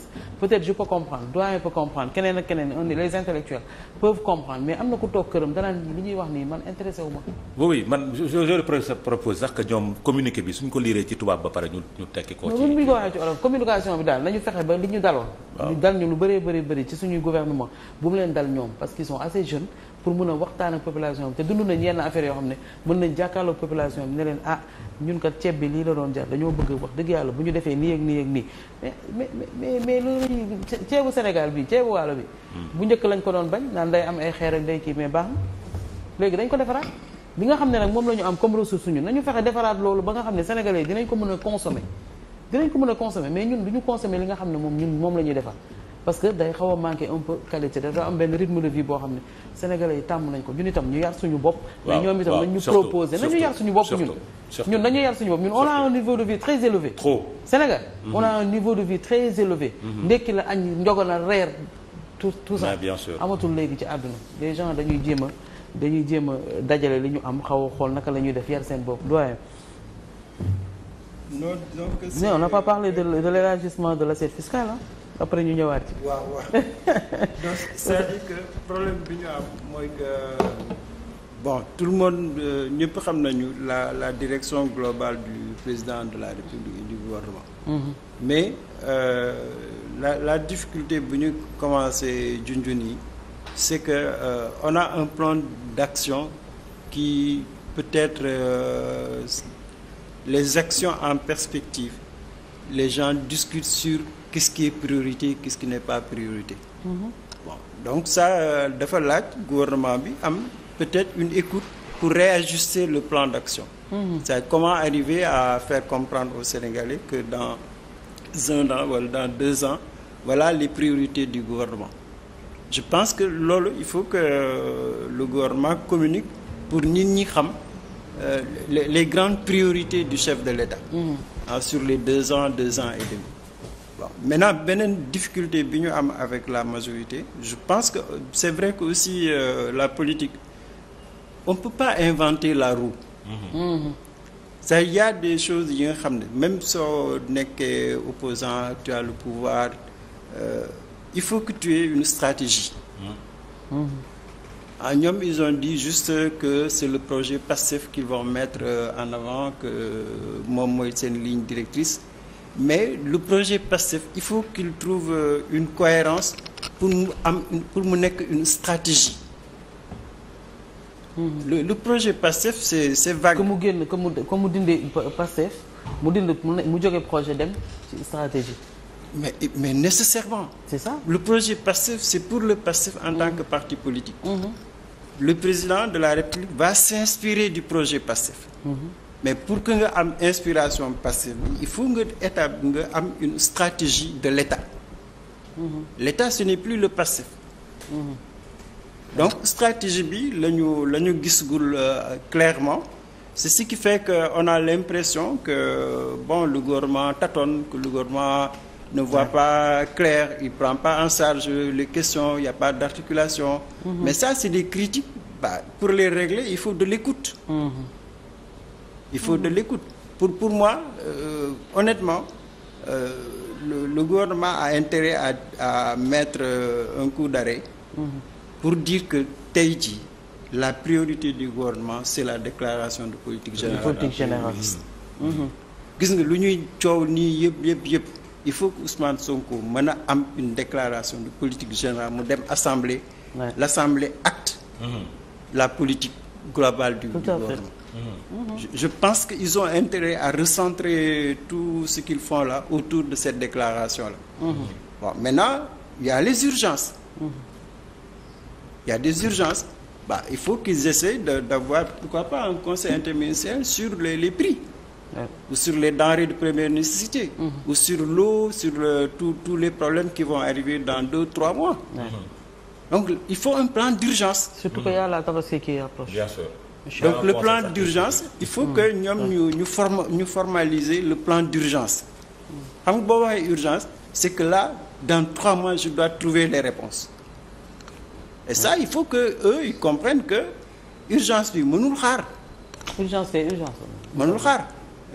ñuy wax nii man intéressé wu ma. oui oui man je propose sax que ñoom communiqué bi suñ ko liiree ci tubaab ba pare ñu ñu tekki ko. ci non bu ko waxee ci wolof communication bi daal nañu fexe ba li ñu daloon. ñu dal ñu lu bëree bëri bëri bu mu leen dal ñoom parce qu'ils sont assez jeunes pour mun a waxtaan ak population bi te dund nañ yenn affaire yoo xam ne mën nañ jàkkaarloo population ne leen ah ñun kat ceeb bi lii la doon jar dañoo bëgg wax dëgg yàlla bu ñu defee nii ak nii ak nii mais mais mais mais loolu ceebu Sénégal bi ceebu waalo bi. Hmm. bu njëkk lañ ko doon bañ naan day am ay xeer ak day kii mais baax na léegi dañ ko defaraat bi nga xam ne nag moom la ñu am comme ressource ñun nañu fexe defaraat loolu ba nga xam ne sénégalais dinañ ko mën a ko mën a consommer mais ñun ñu consommer li nga xam ne moom ñun moom la ñuy defar parce que day xaw a manqué un peu qualité dafa am benn rythme de vie boo xam ne sénégalais yi tàmm nañ ko ñun itam ñu yar suñu bopp mais ñoom itam nañ ñu proposé nañu yar suñu bopp ñun ñun nañu yar suñu bopp ñun on a un niveau de vie très élevé trop Sénégal mhm. on a un niveau de vie très élevé mhm. ndekki la añ njogoon a reer tout tout ça amatul léegi ci àdduna les gens dañuy jéem a dañuy jéem a dajale li ñu am xaw a xool naka la ñuy def yar seen bopp doyen non non on n'a pas parlé de l'élargissement de l'assiette fiscale hein après ñu ñëwaat ci. waaw waaw donc c'est-à-dire que problème bi ñu am mooy que bon tout le monde euh, ñëpp xam nañu la la direction globale du président de la République et du gouvernement. Mhm. mais euh, la la difficulté bu ñu commencé junjun yi c'est que euh, on a un plan d'action qui peut-être euh, les actions en perspective les gens discutent sur. qu'est-ce qui est priorité qu'est-ce qui n'est pas priorité mm -hmm. bon donc ça dafa laaj gouvernement bi am peut-être une écoute pour réajuster le plan d'action mm -hmm. c'est comment arriver à faire comprendre aux Sénégalais que dans un an wala dans deux ans voilà les priorités du gouvernement je pense que loolu il faut que euh, le gouvernement communique pour nit ñi xam euh, les grandes priorités du chef de l'État mm-hmm. ah, sur les deux ans deux ans et demi bon maintenant beneen difficulté bi ñu am avec la majorité je pense que c'est vrai que aussi euh, la politique on peut pas inventer la roue. Mmh. Mmh. y a des choses yi nga xam ne même soo nekkee opposant tu as le pouvoir euh, il faut que tu aies une stratégie. Mmh. ah ñoom ils ont dit juste que c'est le projet PASTEF qu'ils vont mettre euh, en avant que euh, moom mooy seen ligne directrice. mais le projet PASTEF il faut qu'il trouve euh, une cohérence pour mu am pour mu nekk une stratégie le, le projet PASTEF c'est c'est vague. que mu génn que mu que mu dindi PASTEF mu dindi mu jóge projet dem ci stratégie. mais mais nécessairement. c'est ça le projet PASTEF c'est pour le PASTEF en mmh. tant que parti politique. Mmh. le président de la République va s'inspirer du projet PASTEF. Mmh. mais pour que nga am inspiration Pastef bi il faut nga état nga am une stratégie de l'état mm -hmm. l'état ce n'est plus le Pastef mm mm-hmm. donc stratégie bi la ñu la ñu gisgul euh, clairement c'est ce qui fait que on a l'impression que bon le gouvernement tâtonne que le gouvernement ne voit ouais. pas clair il prend pas en charge les questions il n'y a pas d'articulation mm-hmm. mais ça c'est des critiques pour les régler il faut de l'écoute mm-hmm. il faut de l'écoute pour pour moi euh, honnêtement euh, le, le gouvernement a intérêt à à mettre euh, un coup d'arrêt mm-hmm. pour dire que tey ci la priorité du gouvernement c'est la déclaration de politique générale politique mm-hmm. Mm-hmm. gis nga lu ñuy coow nii yëpp yëpp il faut que Ousmane Sonko mën a am une déclaration de politique générale mu dem assemblée. Ouais. l'assemblée acte. Mm la politique globale du, du gouvernement. Je, je pense qu'ils ont intérêt à recentrer tout ce qu'ils font là autour de cette déclaration-là. Bon, maintenant, il y a les urgences. Il des urgences. il faut qu'ils essaient d'avoir, pourquoi pas, un conseil interministériel sur les, prix, ou sur les denrées de première nécessité, mhm. ou sur l'eau, sur tous les problèmes qui vont arriver dans deux, trois mois. donc il faut un plan d'urgence surtout que mhm. y a la tabaski qui approche. bien le plan d'urgence il faut mhm. que ñoom ñu ñu form ñu formaliser le plan d'urgence xam nga urgence c'est que là dans trois mois je dois trouver les réponses et ça il faut que eux ils que urgence bi mënul xaar. urgence c'est urgence. mënul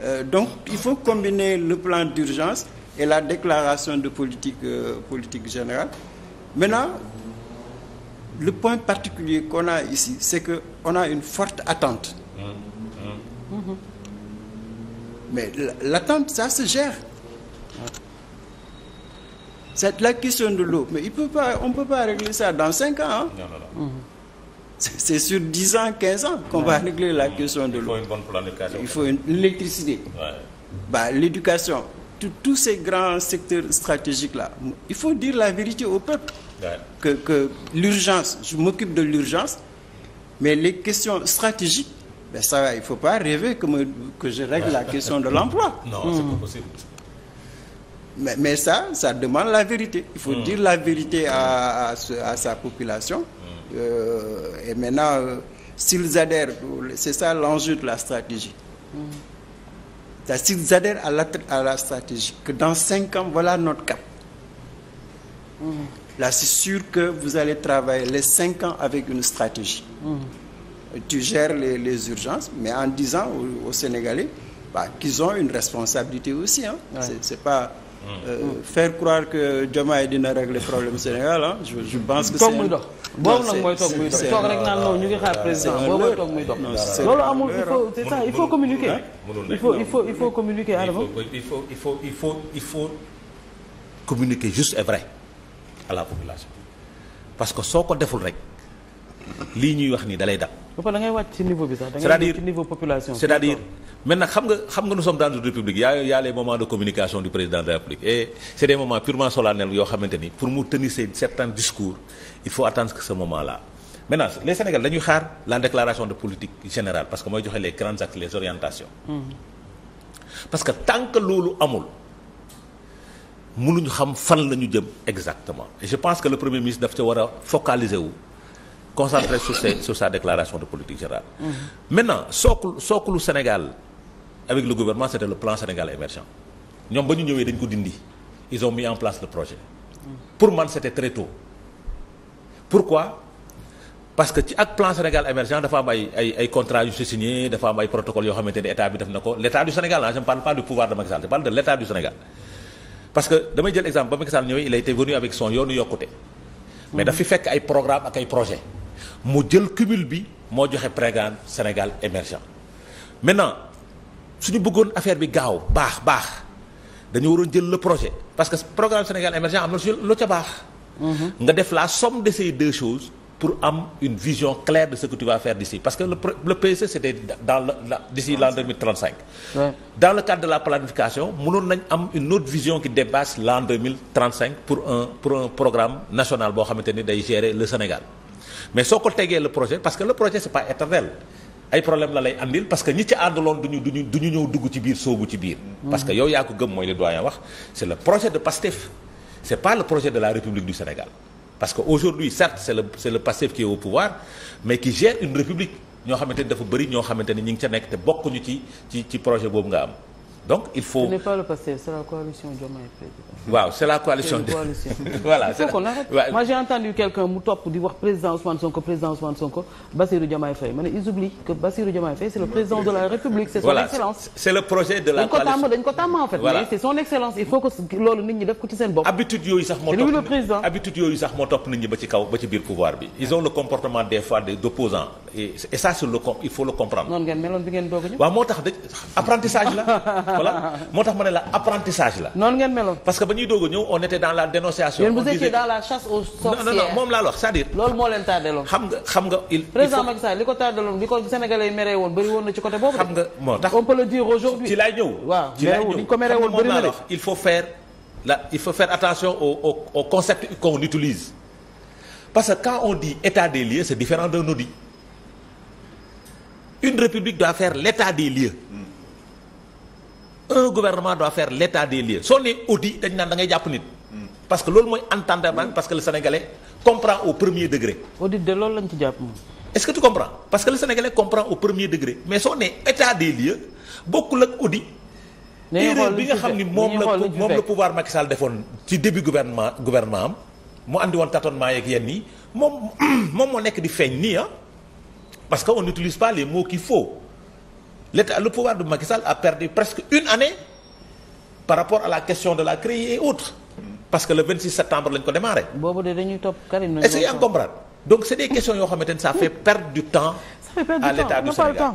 euh, donc il faut combiner le plan d'urgence et la déclaration de politique euh, politique générale le point particulier qu'on a ici, c'est que on a une forte attente. Mmh. Mmh. Mais l'attente, ça se gère. la question de l'eau. Mais il peut pas, on ne peut pas régler ça dans 5 ans. Mm-hmm. C'est sur ans, 15 ans qu'on va régler la mm-hmm. question de l'eau. Il faut une électricité. Bah, l'éducation. tous ces grands secteurs stratégiques là il faut dire la vérité au peuple que que l'urgence je m'occupe de l'urgence mais les questions stratégiques ben ça va il faut pas rêver que je règle la question de l'emploi non hmm. mais mais ça ça demande la vérité il faut hmm. dire la vérité à à, à sa population mmh. euh, et maintenant euh, s'ils adhèrent c'est ça l'enjeu de la stratégie hmm. S'ils adhèrent à la, à la stratégie, que dans cinq ans, voilà notre cap. Mmh. Là, c'est sûr que vous allez travailler les cinq ans avec une stratégie. Mmh. Tu gères les, les, urgences, mais en disant aux, aux Sénégalais bah, qu'ils ont une responsabilité aussi. Hein. Ouais. C'est pas Euh, faire croire que Diomaye dina régler problème Sénégal ah je je pense que. toog muy dox boobu nag mooy toog muy toog ngi xaar président boobu mooy toog muy dox. loolu amul il faut c'est ça il faut communiquer. il faut communiquer Adama. parce que soo ko deful rek. lii ñuy wax nii dalay dal. ba da ngay wàcc ci niveau bi sax. da ngay ci niveau population. xam nga xam nga nous sommes dans république y a y a les moments de communication du président de la République et c'est des moments purement solennels yoo xamante ni pour mu tenir certains discours il faut attendre que ce moment-là. maintenant les Sénégal dañuy xaar la déclaration de politique générale parce que mooy joxe les grands axes les orientations. Hmm. parce que tant que loolu amul. mënuñu xam fan la ñu jëm exactement je pense que le premier ministre daf ca war a focaliser wu. concentré sur ses, sur sa déclaration de politique générale. Mm-hmm. maintenant sookul sookulu Sénégal avec le gouvernement c'était le plan Sénégal émergent ñoom ba ñu ñëwee dañ ko dindi ils ont mis en place le projet. Mm-hmm. pour man c'était très pourquoi parce que ci ak plan Sénégal émergent dafa am ay ay ay si signé dafa am ay protocole yoo xamante ne état bi def na ko l'état du Sénégal ah je ne parle pas du pouvoir de Macky Sall je parle de l'état du Sénégal. parce que a été mu jël cumul bi moo joxe programme Sénégal émergent su ñu bëggoon affaire bi gaaw baax baax dañu waroon jël le projet parce que programme Sénégal émergent am na su lu ca baax mm-hmm. nga def la somme de ces deux choses pour am une vision claire de ce que tu vas faire d'ici parce que le le PSE c'était dans la d'ici l'an 2035 le cadre de la planification mënoon nañ am une autre vision qui dépasse l'an 2035 pour un pour un programme national boo xamante ni day gérer le Sénégal mais soo ko tegee le projet parce que le projet c'est pas éternel ay problème la lay andil parce que ñi ci àndaloon duñu duñu du ñu ñëw dugg ci biir soobu ci biir mm. parce que yow yaa ko gëm mooy le doyen wax c'est le projet de PASTEF c'est pas le projet de la République du Sénégal parce que aujourd'hui certes c'est le c'est le PASTEF qui au pouvoir mais qui gère une république ñoo xamante ni dafa bëri ñoo xamante ni ñi ngi ca nekk te bokkuñu ci ci ci projet boobu nga donc il faut. ce n'est pas le PASTEF c'est la coalition Diomaye président. waaw c'est la coalition. c'est la coalition voilà c'est la moi j'ai entendu quelqu'un mu topp di wax président Ousmane président Ousmane Sonko Bassirou Diomaye de la République. c'est son excellence c'est le projet de la. coalition dañ ko tàmm en fait. voilà mais c'est son excellence il faut habitude yooyu sax moo topp ba ci kaw ba ci biir pouvoir bi. ils ont le comportement des fois des opposants e et ça c'est le il faut le comprendre. noonu ngeen meloon bi ngeen doog a ñëw. waaw moo tax de apprentissage la voilà moo tax ma ne la apprentissage la. noonu ngeen meloon. parce que ba ñuy doog a ñëw on était dans la dénonciation. yéen vous étiez la chasse aux sorcières. non non non moom laa wax c'est-à-dire. loolu moo leen tàddeeloon. xam nga xam nga il. président Macky Sall li ko on peut le dire aujourd'hui la il au au au concept qu'on utilise parce que quand on dit état des lieux c'est différent d'un une république doit faire l'état des lieux un gouvernement doit faire l'état des lieux soo nee audit dañ naan da ngay jàpp nit parce que loolu mooy entendement parce que le sénégalais comprend au premier degré audit de loolu lañ ci jàpp moom est-ce que tu comprends parce que le sénégalais comprend au premier degré mais soo nee état des lieux bokkul ak audit erreur bi nga xam ni moom la moom la pouvoir Macky Sall defoon ci début gouvernement gouvernement am mu andi woon tâtonnement yeeg yenn yi moom moom moo nekk di feeñ nii ah parce qu'on n'utilise pas les mots qu'il faut l'État le pouvoir de Macky a perdu presque une année par rapport à la question de la CREI et parce que le 26 septembre lañ ko démarré. boobu de dañuy topp Karim est-ce que yaa ngi comprendre donc c'est des yoo xamante ne fait perdre du temps. à l'État du Sénégal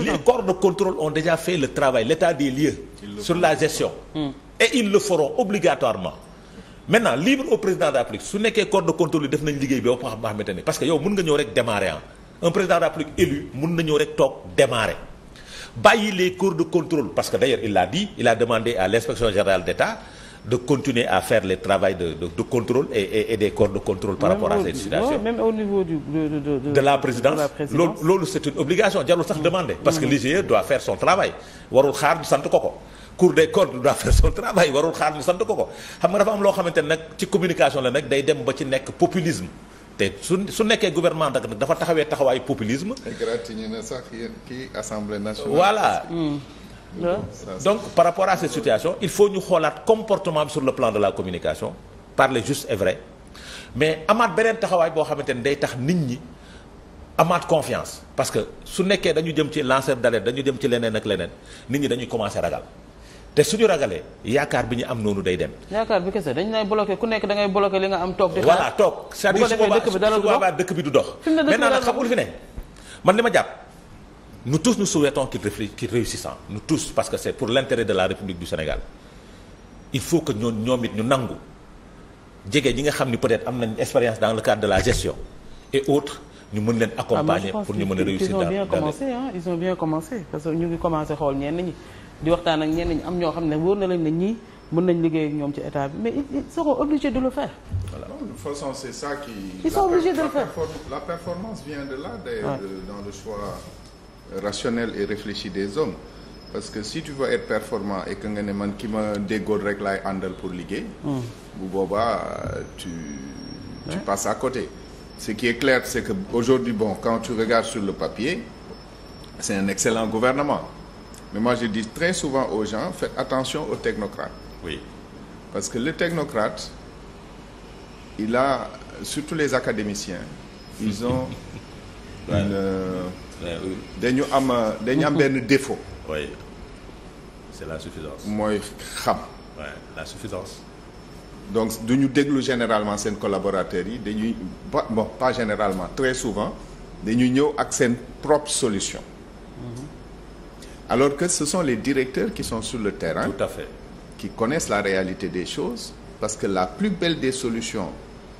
les corps de contrôle ont déjà fait le travail l'état des lieux sur la gestion hmm. et ils le feront obligatoirement maintenant libre au président de la un président de la élu mun na ñëw rek toog démarrer bàyyi les corps de contrôle parce que d'ailleurs il l'a dit il a demandé à l'inspection générale d'État de continuer à faire les travail de, de de contrôle et et, et des de contrôle. par rapport à cette situation de la présidence loolu c'est une obligation jarul sax mm. demander. parce que mm. l'IGE doit faire son travail warul xaar sant ko ko. Cour des comptes doit faire son travail warul xaar ñu sant ko ko xam am loo xamante ne nag ci communication la nag dem ba ci nekk populisme. te su su nekkee gouvernement nag dafa taxawee taxawaayu populisme. égratigné na sax yéen kii assemblée hmm. donc par rapport à cette situation il faut ñu xoolaat comportement sur le plan de la communication parler juste et vrai mais amaat beneen taxawaay boo xamante ni day tax nit ñi amaat confiance parce que su nekkee dañu jëm ci lanceur d'alerte dañu jëm ci leneen ak leneen nit ñi dañuy commencer ragal. te suñu ragalee yaakaar bi ñu am noonu day dem. yaakaar bi kese dañ lay bloqué ku nekk da ngay bloqué li nga am toog. di xaar voilà toog cest à su boobaa dëkk bi du dox. fi mu ne dëkk parce que c'est pour l'intérêt la République du Sénégal il faut que ñoon ñoom it ñu nangu jege ñi xam ni peut-être am nañ expérience dans le cadre de la gestion et autres ñu mën leen ah, accompagner pour ñu mën a réussir. ils ont bien commencé ah ils parce que ñu ngi commencé xool ñenn ñi. di waxtaan ak ñenn ñi am ñoo xam ne wóor na lañ ne ñii mën nañ liggéey ñoom ci état bi mais ils seront obligés de le faire. voilà non de toute façon c'est ça qui. ils sont obligés de la faire la performance vient de là. d'ailleurs dans le choix rationnel et réfléchi des hommes. parce que si tu veux être performant et que nga ne man ki ma déggoon rek laay àndal pour liggéey. Hmm. bu boobaa tu. tu passes à côté. ce qui est clair c'est que aujourd'hui bon quand tu regardes sur le papier c'est un excellent gouvernement. Mais moi, je dis très souvent aux gens, faites attention aux technocrates. Parce que le technocrate, il a, surtout les académiciens, ils ont dañu am dañu am benn défaut. oui c'est la suffisance. mooy xam. donc du ñu déglu généralement seen collaborateurs yi dañuy ba bon pas généralement très souvent dañuy ñëw ak seen propre solution. Alors que ce sont les directeurs qui sont sur le terrain, Tout à fait. qui connaissent la réalité des choses, parce que la plus belle des solutions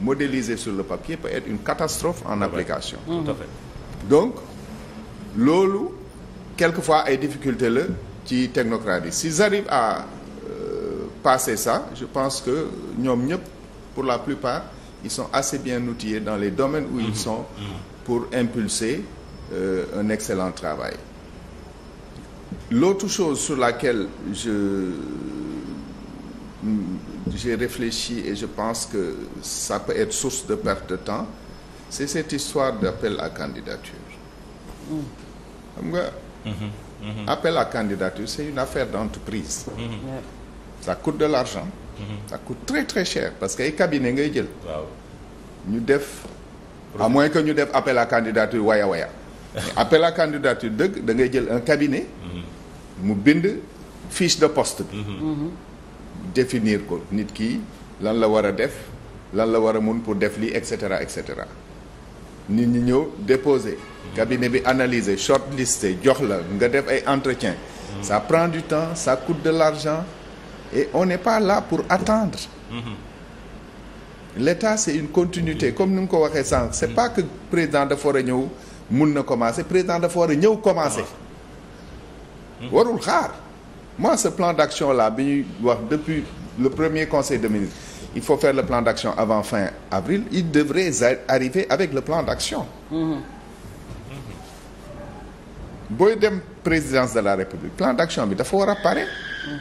modélisées sur le papier peut être une catastrophe en application. Tout à fait. Donc, loolu quelquefois ay difficulté la ci technocrates yi s'ils arrivent à euh, passer ça je pense que ñoom ñëpp pour la plupart ils sont assez bien outillés dans les domaines où ils mhm. sont mhm. pour impulser euh, un excellent travail L'autre chose sur laquelle je j'ai réfléchi et je pense que ça peut être source de perte de temps, c'est cette histoire d'appel à candidature. Mm. Xam nga mm-hmm. Mm-hmm. appel à candidature, c'est une affaire d'entreprise. Mm-hmm. Ça coûte de l'argent. Ça coûte très très cher parce que ay cabinet ngay jël. Waaw. ñu def à moins que ñu def appel à candidature waya waya. appel à candidature dëgg da ngay jël un cabinet. mu bind fiche de poste bi. Mhm. Mhm. définir ko nit ki lan la war a def lan la war a mun pour def lii et cetera et cetera nit ñi ñëw déposer. Mhm. cabinet bi analyser shortlister jox la nga def ay entretien ça prend du temps sa coûte de l'argent et on n'est pas là pour attendre. l'État c'est une continuité comme ni nga ko waxee sànq. c'est pas que président dafa war a ñëw mun na commencer président dafa war a ñëw commencer. Ah. Mm-hmm. warul xaar moi ce plan d'action là bi ñuy wax depuis le premier conseil de ministres il faut faire le plan d'action avant fin avril il devrait arriver avec le plan d'action mm-hmm. Mm-hmm. booy dem présidence de la république plan d'action bi dafa war a pare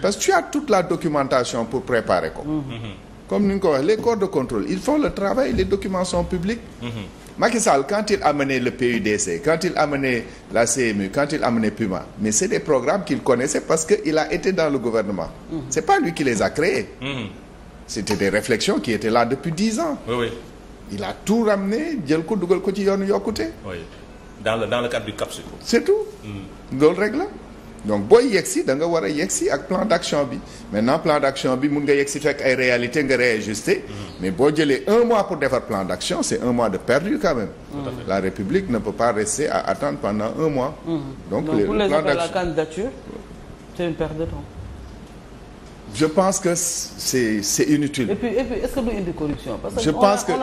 parce que tu as toute la documentation pour préparer ko comme ni nga ko wax les corps de contrôle le travail les documents sont Macky Sall quand il a mené le PUDC quand il a mené la CMU quand il a mené Puma mais c'est des programmes qu'il connaissait parce que a été dans le gouvernement mhm. c'est pas lui qui les a créés mmh. c'était des réflexions qui étaient là depuis dix ans oui, oui. il a tout ramené jël ko dugal ko ci yoonu yokkute dans le dans le cadre du Cap c'est tout mhm. loolu rek la donc booy yegg si da nga war a yegg si ak plan d' action bi maintenant plan d' action bi mu nga yegg si ay réalité nga réajuster mm-hmm. mais boo jëlee un mois pour defar plan d' action c' est un mois de perdu quand même mmh. la République ne peut pas rester à attendre pendant un mois mmh. donc, donc les, pour les plan je pense que c'est inutile. est-ce que du indi corruption. parce que je pense que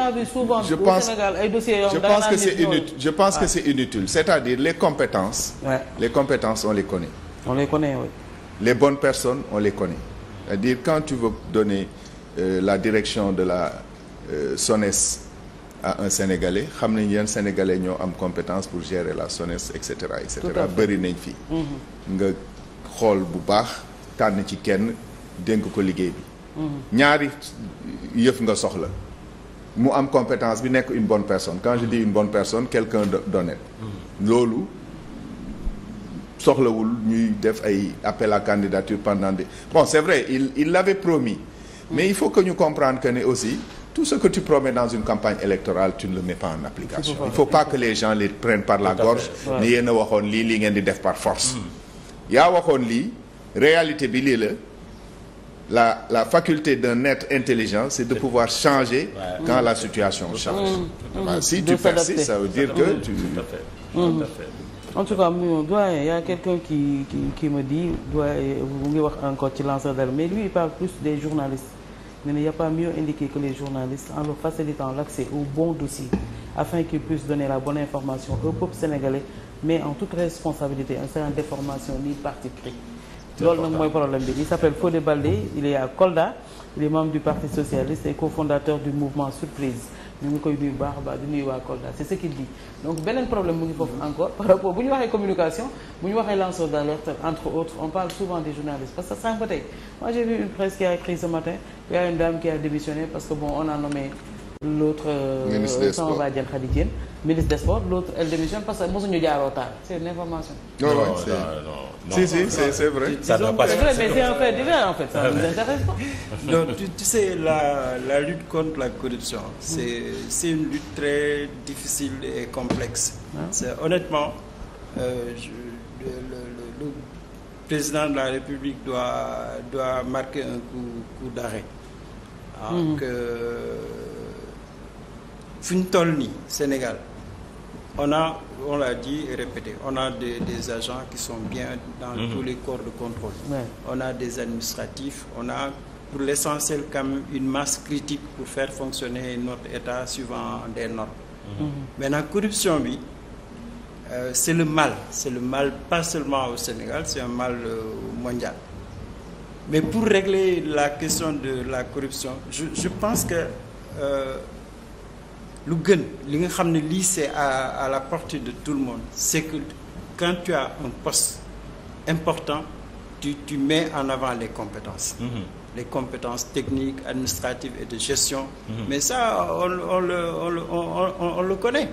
je pense, Sénégal je pense que c'est inutile pense ah. que c'est inutile à dire les compétences. les compétences on les connaît. On les connaît, oui. Les on les connaît. C'est-à-dire, quand tu veux donner euh, la direction de la euh, SONES à un Sénégalais, xam nañ yan Sénégalais ñoo am compétence pour gérer la SONES et cetera et cetera bëri nañ fi. Mm-hmm. nga xool bu baax tànn ci kenn dénk ko liggéey bi. Mm-hmm. ñaari yëf nga soxla. mu am compétence bi nekk une bonne personne quand je dis une bonne personne quelqu'un d'honnête. Mm-hmm. loolu. soxlawul ñuy def ay appel à candidature pendant des c'est vrai il il l'avait promis mais il faut que ñu comprendre que ne aussi tout ce que tu promets dans une campagne électorale tu ne le mets pas en application il faut pas que les gens les prennent par la gorge ni yéen a waxoon lii lii ngeen def par force hmm. yaa waxoon lii réalité bi lii la la la faculté d'un être intelligent c'est de pouvoir changer ouais. quand la situation change hmm. si hmm. tu persistes ça que tu tout à fait. en tout cas mu doyen y a quelqu'un qui qui qui me dit doyen mu ngi wax encore ci lanceur d'alerte mais lui il parle plus des journalistes mais il n'y a pas mieux indiqué que les journalistes en leur facilitant l'accès aux bons dossiers afin qu'ils puissent la bonne information au peuple sénégalais mais en toute responsabilité en sans déformation ni parti pris loolu nag mooy problème bi il s'appelle Fodé Baldé il est à Kolda il est membre du parti socialiste et cofondateur du mouvement Surprise ñu ngi koy nuyu bu baax a baax di nuyu waa Kolda c'est ce qu'il dit donc beneen problème mu ngi foofu encore par rapport bu ñu waxee communication bu ñu waxee lanceur d'alerte entre autres on parle souvent des journalistes parce que sànq ba tey moi j'ai vu une presse qui a écrit ce matin y a une dame qui a démissionné parce que bon on a nommé l'autre euh, sama bàjjen Khady Diène ministre des sports l'autre elle démissionne parce que mosuñu jaaroo taal c'est une information non non non si si c'est c'est vrai. ça n'a c'est vrai mais c'est un fait divers en fait ça la la lutte contre la corruption. c'est c'est une lutte très difficile et complexe. c'est honnêtement euh, le, président de la République doit doit marquer un coup coup d'arrêt. donc mmh. toll nii Sénégal. on a l'a dit et répété on a des, des agents qui sont bien dans mhm. tous les corps de contrôle on a des administratifs on a pour l'essentiel quand même une masse critique pour faire fonctionner notre État suivant des normes mm -hmm. corruption bi euh, c'est le mal c'est le mal pas seulement au Sénégal c'est un mal euh, mondial mais pour régler la question de la corruption je, pense que euh, lu gën li nga xam ne lii c'est à à la portée de tout le monde c'est que quand tu as un poste important tu tu mets en avant les compétences. Mm -hmm. les compétences techniques administratives et de gestion. Mm-hmm. mais ça on on le on le on, on, on le connaît.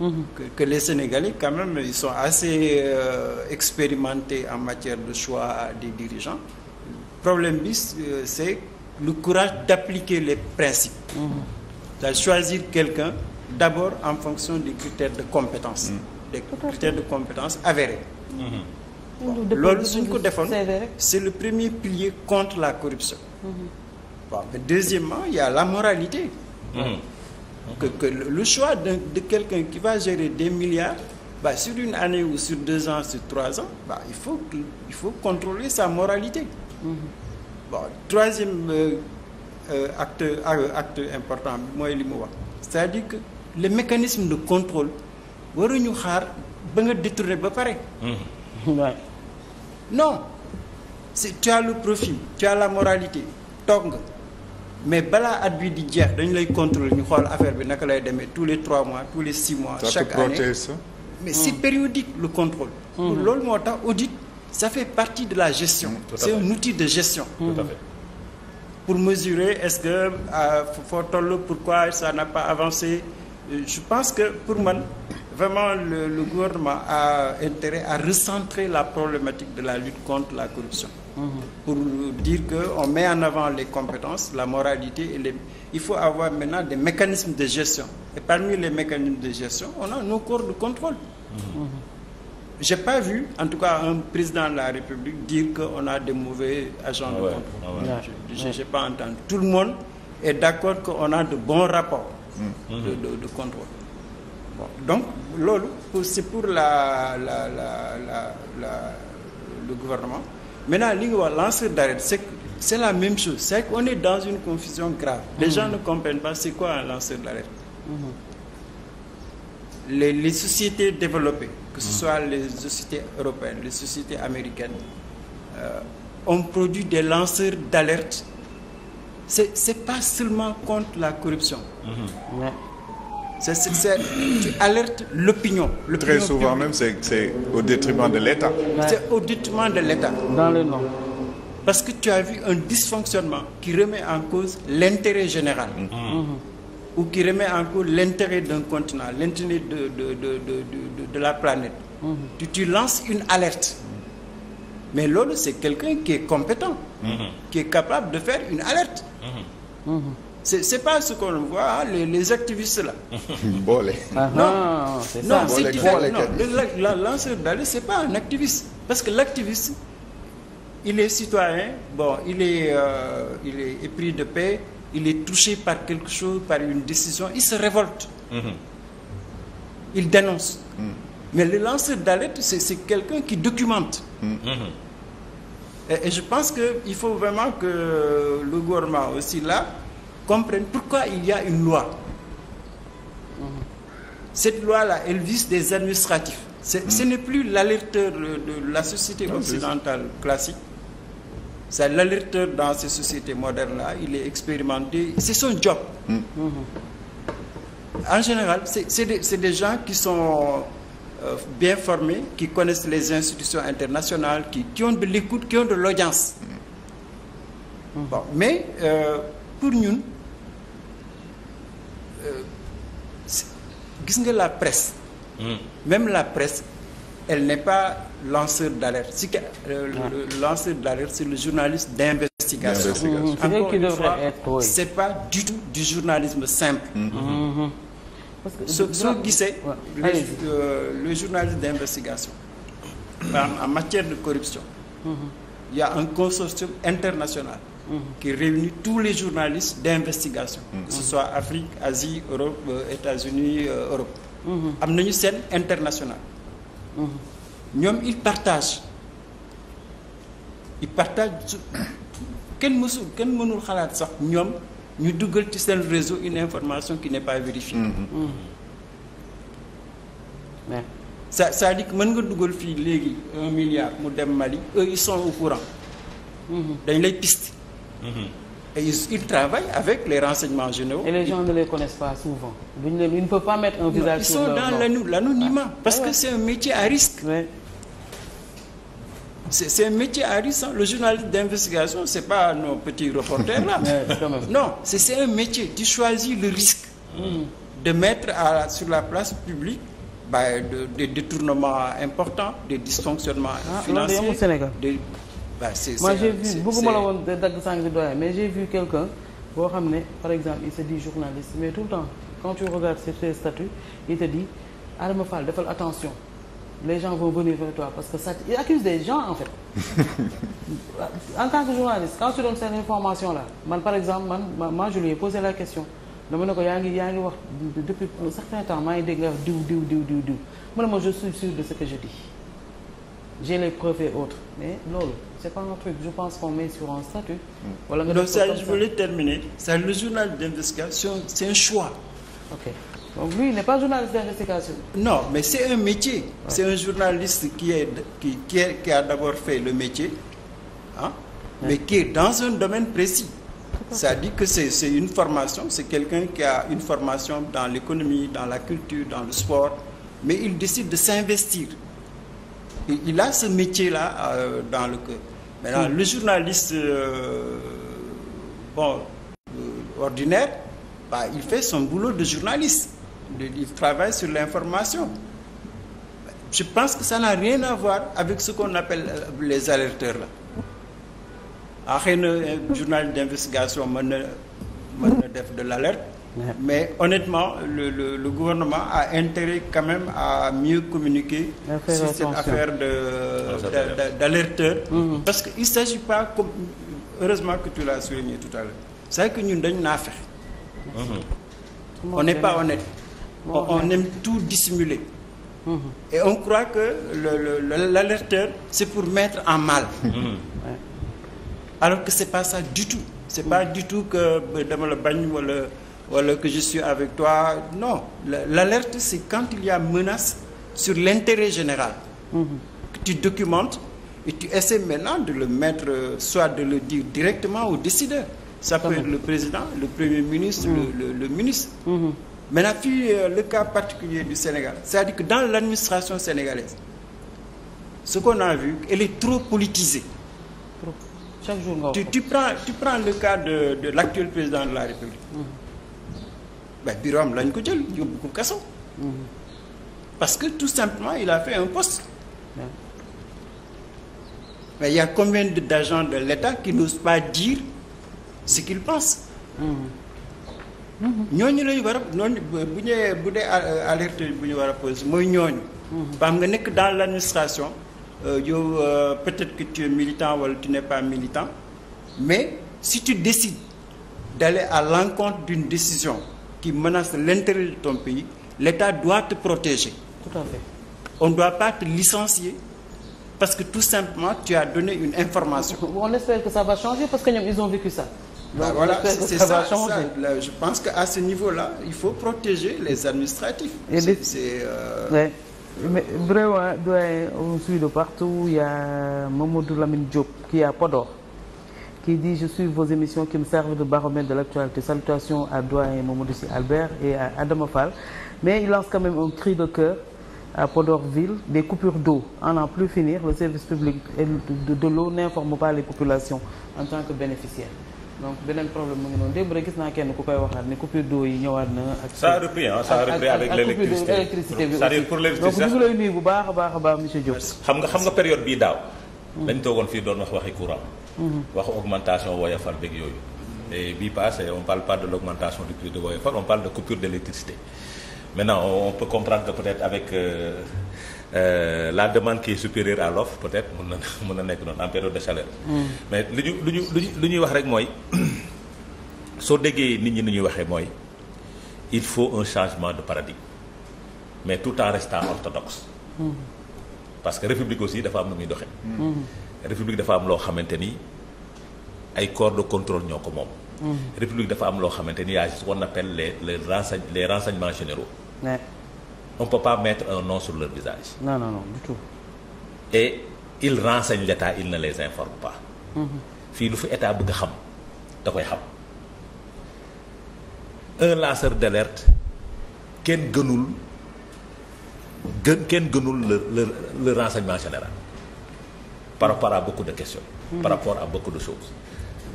Mm que, les Sénégalais quand même ils sont assez euh, expérimentés en matière de choix des dirigeants le problème bi euh, c'est le courage d'appliquer les principes. Mm-hmm. c'est-à-dire choisir quelqu'un d'abord en fonction des critères de compétence. Mm. des critères de compétence avérés. Mm-hmm. loolu suñ ko defoon c'est le premier pilier contre la corruption. waaw mm-hmm. mais deuxièmement il y a la moralité. Mm-hmm. que que le choix de de quelqu'un qui va gérer des milliards. Bah, sur une année ou sur deux ans sur trois ans bah, il faut il contrôler sa moralité. troisième euh, acte euh, acte euh, important bi mooy li mu wax c'est-à-dire que les mécanismes de contrôle waruñu xaar ba nga détourné ba pare. Mm-hmm. non c'est tu as le profil tu as la moralité toog nga mais balaa at bi di jeex dañu lay contrôler ñu xool affaire bi naka lay demee tous les trois mois tous les six mois. chaque année mais c'est mm. périodique le contrôle. Mm-hmm. loolu moo tax audit ça fait partie de la gestion. Mm, c'est un outil de gestion. Mm-hmm. Tout pour mesurer est-ce que euh, foo toll pourquoi ça n'a pas avancé euh, je pense que pour man vraiment le, le gouvernement a intérêt à recentrer la problématique de la lutte contre la corruption mmh. pour dire que on met en avant les compétences la moralité et les il faut avoir maintenant des mécanismes de gestion et parmi les mécanismes de gestion on a nos corps de contrôle mmh. Mmh. j'ai pas vu en tout cas un président de la République dire qu'on a des mauvais agents de ah contrôle. Ah je n'ai pas entendu. Tout le monde est d'accord qu'on a de bons rapports de, contrôle. Donc, loolu c'est pour la, la, la, la, le gouvernement. Maintenant, li nga wax lanceur d'alerte, c'est la même chose. C'est qu'on est dans une confusion grave. Les mmh. gens ne comprennent pas c'est quoi lanceur d'alerte. les sociétés développées que ce soit les sociétés européennes, les sociétés américaines, euh, on produit des lanceurs d'alerte. Ce n'est pas seulement contre la corruption. Mmh. Ouais. C est, c est, c est, tu alertes l'opinion. Très souvent public. même, c'est au détriment de l'État. Ouais. C'est au détriment de l'État. Dans le nom. Parce que tu as vu un dysfonctionnement qui remet en cause l'intérêt général. Mmh. Mmh. ou qui remet en cause l'intérêt d'un continent, l'intérêt de, la planète. Mmh. Tu, lances une alerte. Mais l'autre, c'est quelqu'un qui est compétent, mmh. qui est capable de faire une alerte. Mhm. Mhm. C'est n'est pas ce qu'on voit, les, les, activistes là. bon, les... ah, non, ah, ça. non, bon, si les tu fais, pas un activiste. Parce que l'activiste, il est citoyen, bon, il euh, il est épris de paix, il est touché par quelque chose, par une décision, il se révolte. Mmh. Il dénonce. Mmh. Mais le lanceur d'alerte, c'est quelqu'un qui documente. Mm-hmm. Et, et, je pense qu'il faut vraiment que le gouvernement aussi là comprenne pourquoi il y a une loi. Mm-hmm. Cette loi-là, elle vise des administratifs. Mm-hmm. Ce n'est plus l'alerteur de, de la société occidentale classique C'est l'alerteur dans ces sociétés modernes-là, il est expérimenté, c'est son job. Mmh. En général, c'est des, des, gens qui sont euh, bien formés, qui connaissent les institutions internationales, qui, qui ont de l'écoute, qui ont de l'audience. Mm. mais euh, pour nous, euh, la presse, mm. même la presse, elle n'est pas lanceur d'alerte. Si, euh, ah. Le lanceur d'alerte, c'est le journaliste d'investigation. Encore une fois, c'est pas du tout du journalisme simple. Mm -hmm. Parce que soo soo gisee. le euh, le journaliste d'investigation. en matière de corruption. Mm -hmm. il y a un consortium international. Mm -hmm. qui réunit tous les journalistes d'investigation. Mm-hmm. que ce soit Afrique Asie Europe euh, États-Unis euh, Europe. Mm-hmm. am nañu seen international. ñoom ils partage ils partagent su kenn mësul kenn mënul xalaat sax ñoom ñu dugal ci seen réseau une information qui n'est pas vérifiée. mais mm-hmm. mm-hmm. ça cest mën nga dugal fii léegi un milliard mu dem Mali eux ils sont au courant. Mm-hmm. dañ lay piste. Et ils, travaillent avec les renseignements généraux. Et les gens ils... ne les connaissent pas souvent. Ils ne peuvent pas mettre un visage sur ah. parce ah que c'est un métier à risque. Ouais. C'est un métier à risque. Hein. Le journaliste d'investigation, ce pas nos petits reporters là. Non, c'est un métier. Tu choisis le risque hmm. de mettre à, sur la place publique bah, des de détournements importants, des dysfonctionnements ah, financiers. Des, bah c'est moi j'ai vu bëgguma la woon dagg sànq di doyen mais j'ai vu quelqu'un boo xam ne par exemple il se dit journaliste mais tout le temps quand tu regardes ses statuts te dit Adama Fall defal attention les gens vont venir vers toi parce que ça il accuse des gens en fait en tant que journaliste quand tu donnes cette information là man par exemple man man je lui ai posé la question dama ne ko yaa ngi yaa ngi wax depuis un certain temps maa ngi dégg nga wax diw diw diw diw diw mu ne ma je suis sûr de ce que je dis j'ai les mais loolu c'est pas un truc je pense qu'on met sur un statut. wala nga def ça je voulais terminer. ça le journal d'investigation c'est un choix. ok donc lui n'est pas journaliste d'investigation. non mais c'est un métier. Ouais. c'est un journaliste qui est qui qui, est, a d'abord fait le métier ah. Ouais. mais qui est dans un domaine précis. C'est-à-dire que c'est une formation c'est quelqu'un qui a une formation dans l'économie dans la culture dans le sport mais il décide de s'investir. il a ce métier-là euh, dans le cœur. Maintenant, mmh. le journaliste euh, bon, euh, ordinaire, bah, il fait son boulot de journaliste. Il travaille sur l'information. Je pense que ça n'a rien à voir avec ce qu'on appelle euh, les alerteurs. Là. ah xëy na euh, journal d'investigation mën na mën na def de l'alerte Mais honnêtement, le, le, gouvernement a intérêt quand même à mieux communiquer sur cette affaire ah, d'alerteur. Mmh. Parce qu'il ne s'agit pas, comme, heureusement que tu l'as souligné tout à l'heure, c'est que nous avons une affaire. Mmh. On n'est pas honnête. Bon, on, on, tout dissimuler. Mm-hmm. Et on croit que l'alerteur, c'est pour mettre en mal. Mm-hmm. Alors que ce n'est pas ça du tout. Ce pas mm. du tout que... wala que je suis avec non l'alerte c'est quand il y a menace sur l'intérêt général mmh. que tu documentes et de le mettre soit de le dire directement au décideur ça peut le président le premier ministre le, mm-hmm. le, ministre mmh. maintenant fii euh, le cas Sénégal c'est-à-dire que dans l'administration sénégalaise ce qu'on a vu elle est trop politisée chaque de de président la République mm-hmm. ba bureau am lañ ko jël yóbbu ko kaso mm-hmm. parce que tout simplement il a fait un poste mais il y a combien d'agents de l'État qui n'osent pas dire ce qu'ils pensent mm-hmm. Mm-hmm. ñooñu lañu war noonu bu ñëwee bu dee euh, alerte bu ñu war a posé mooy ñooñu baam nga nekk dans l'administration euh, yow euh, peut-être que tu es militant wala tu n'es pas militant mais si tu décides d'aller à l'encontre d'une décision qui menace l'intérêt de ton pays, l'État doit te protéger. Tout à fait. On doit pas te licencier parce que tout simplement, tu as donné une information. On espère que ça va changer parce qu'ils ont vécu ça. Donc, bah voilà, c'est ça. je pense qu'à ce niveau-là, il faut protéger les administratifs. C'est. Euh... Ouais. vraiment, on suit de partout. y a Mamoudou Lamine qui est Podor. qui dit je suis vos émissions qui me servent de baromètre de l'actualité salutations à doyen Mamadou Albert et à Adama mais il lance quand même un cri de cœur à Podorville des coupures d'eau à n'en plus finir le service public de l'eau n'informe pas les populations en tant que bénéficiaires donc beneen problème mu ngi noonu démb rek gis naa kenn ku koy waxaat ne coupure d'eau yi ñëwaat a repris ah a repris avec à l'électricité donc ñu ngi lay nuyu bu baax baax a baax monsieur Diop. xam nga xam nga période bii daaw. Mm. dañ toogoon fii doon wax waxi courant. Mm-hmm. waxu augmentation woyofal beeg yooyu. et bii passé on parle pas de l'augmentation du prix de woyofal on parle de coupure d'électricité maintenant on peut comprendre que peut-être avec. Euh, Euh, la demande qui est à l'offre peut-être mën na mën na nekk noonu en période de chaleur. Mm-hmm. mais lu ñu lu ñu lu ñu lu ñuy wax rek mooy soo déggee nit ñi ni ñuy waxee mooy il faut un changement de paradigme mais tout en restant orthodoxe. Mm. parce que république aussi dafa am nu muy doxee. république dafa am loo xamante ni ay corps de contrôle ñoo ko moom. Mm-hmm. république dafa am loo xamante ni y a ce qu'on appelle les les renseigne les renseignements généraux. Ouais. on peut pas mettre un nom sur leur visage. non non non du et ils renseignent l'État ils ne les informent pas. Mm-hmm. fii lu fi état bëgg a xam da koy xam. un lanceur d'alerte kenn gënul gën kenn gënul le le le renseignement général. par rapport à beaucoup de questions. Hmm. par rapport a beaucoup de choses.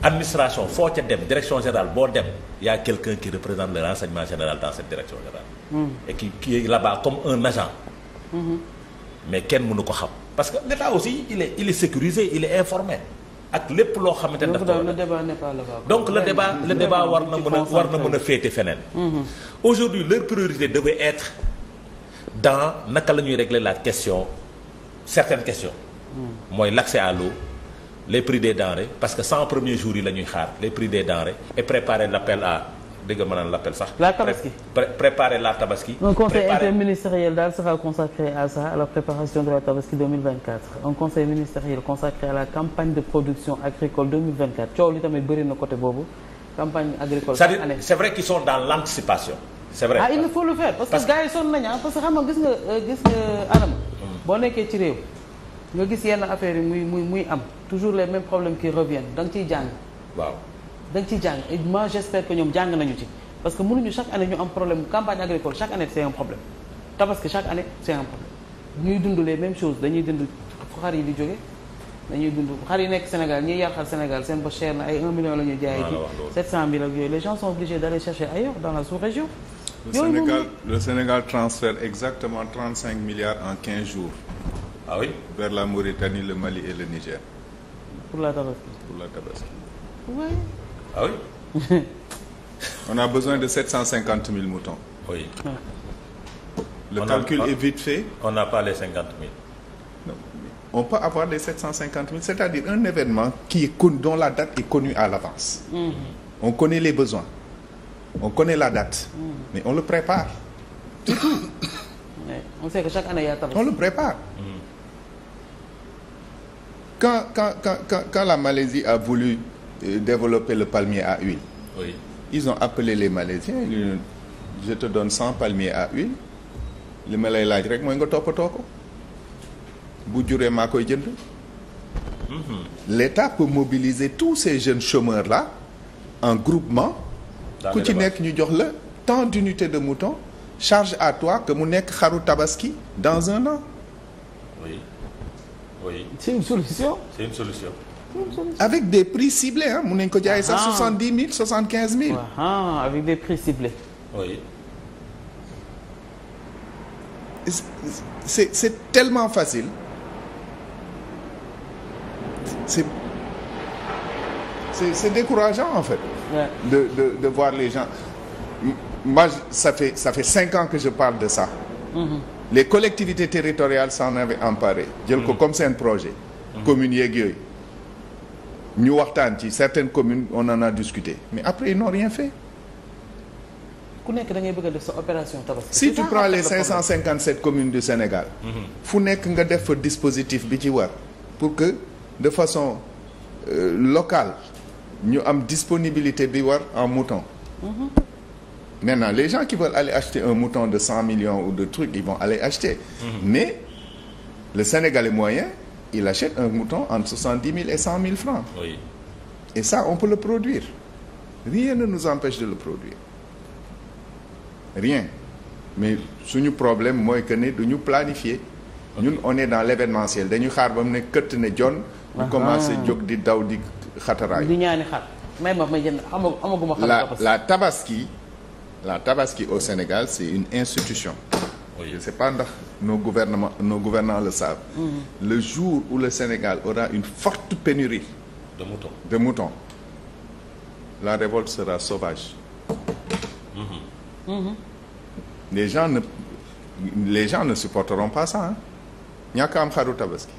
administration foo ca dem direction générale boo dem yaa a quelqu'un qui représente le renseignement général dans cette direction générale. Hmm. et qui qui est là-bas comme un agent. Hmm. mais kenn mënu ko xam. parce que l'État aussi il est il est sécurisé il est informé. ak lépp loo xamante ne dafa donc le débat le débat war na mën a war na mën a féete feneen. aujourd'hui leur priorité devait être dans naka la ñuy régler la question certaines questions. mooy l'accès à l'eau les prix des denrées parce que cent premiers jours yi la ñuy xaar les prix des denrées et préparer l'appel à dégg nga ma l'appel sax. la tabaski pré préparer la tabaski. un conseil interministériel daal sera consacré à la préparation de la tabaski un conseil ministériel consacré à la campagne de production agricole coow li tamit bëri na côté boobu campagne agricole. cest à c'est vrai qu'ils sont dans l'anticipation. c'est vrai ah il faut nga gis yenn affaire yi muy muy muy am toujours les mêmes problèmes qui reviennent da nga ciy jàng. waaw da nga jàng et moi j' ñoom jàng nañu ci. parce que munuñu chaque année ñu am problème campagne agricole chaque année c' est un problème tabaski chaque année c' est un problème ñuy dund les mêmes choses dañuy dund xar yi di jóge dañuy dund xar yi nekk Sénégal ñi yar xar Sénégal seen ba cher na ay 1 million la ñuy jaayee. waaw waaw 700000 ak yooyu les gens sont obligés d' aller chercher ailleurs dans Sénégal le Sénégal transfère exactement 35 milliards en 15 jours. Ah vers la Mauritanie le Mali et le Niger. Ah on a besoin de cinquante mille moutons. le calcul est vite fait. on pas cinquante avoir les c'est-à-dire un événement qui est connu dont la date est connue à l'avance. Mhm. on connaît les besoins. on connaît la date. Mhm. mais on le prépare. on sait que chaque année on le prépare. Mhm. quand quand quand quand la Malaisie a voulu euh, développer le palmier à huile. oui ils ont appelé les Malaisiens ils je te donne cent à huile li ma lay laaj rek mooy nga toppatoo ko bu juree maa koy jënd. Mhm. l'État peut mobiliser tous ces jeunes chômeurs là en groupement. ku ci nekk ñu jox la tant d'unités de mouton charge à toi que mu nekk xaru tabaski dans un an. oui c'est une solution. c'est une solution. avec des prix ciblés ah mun nañu ko jaay sax. soixante dix mille soixante quinze mille. Ah, avec des prix ciblés. oui. c'est c'est tellement facile. c'est c'est c'est décourageant en fait. Ouais. de de de voir les gens. moi ça fait ça cinq ans que je parle de sa les collectivités territoriales s'en avaient emparé jël ko mm. comme seen projet mm. communes yeeg yooyu ñu waxtaan ci certaines communes on en a discuté mais après ils n'ont rien fait ku nekk da ngay bëgg def sa opération tabaski si tu prends les 557 communes du Sénégal mm-hmm. fu nekk nga def fa dispositif bi ci war pour que de façon euh, locale ñu am disponibilité bi war en mouton mm-hmm. Maintenant, les gens qui veulent aller acheter un mouton de 100 millions ou de trucs, ils vont aller acheter. Mhm. Mais le Sénégalais moyen, il achète un mouton entre 70 000 et 100 000 francs. Oui. Et ça, on peut le produire. Rien ne nous empêche de le produire. Rien. Mais suñu problème mooy que ne duñu planifier. ñun on est dans l'événementiel dañu xaar ba mu ne këtt ne jon ah, commencé ah. jóg di daw di xataraay. di ñaani xar la tabaski. la tabaski au Sénégal c'est une institution je nos gouvernants le savent mm-hmm. le jour où le Sénégal aura une forte pénurie de moutons de moutons la révolte sera sauvage mm-hmm. Mm-hmm. les gens ne supporteront pas ça ñàkk am xaru tabaski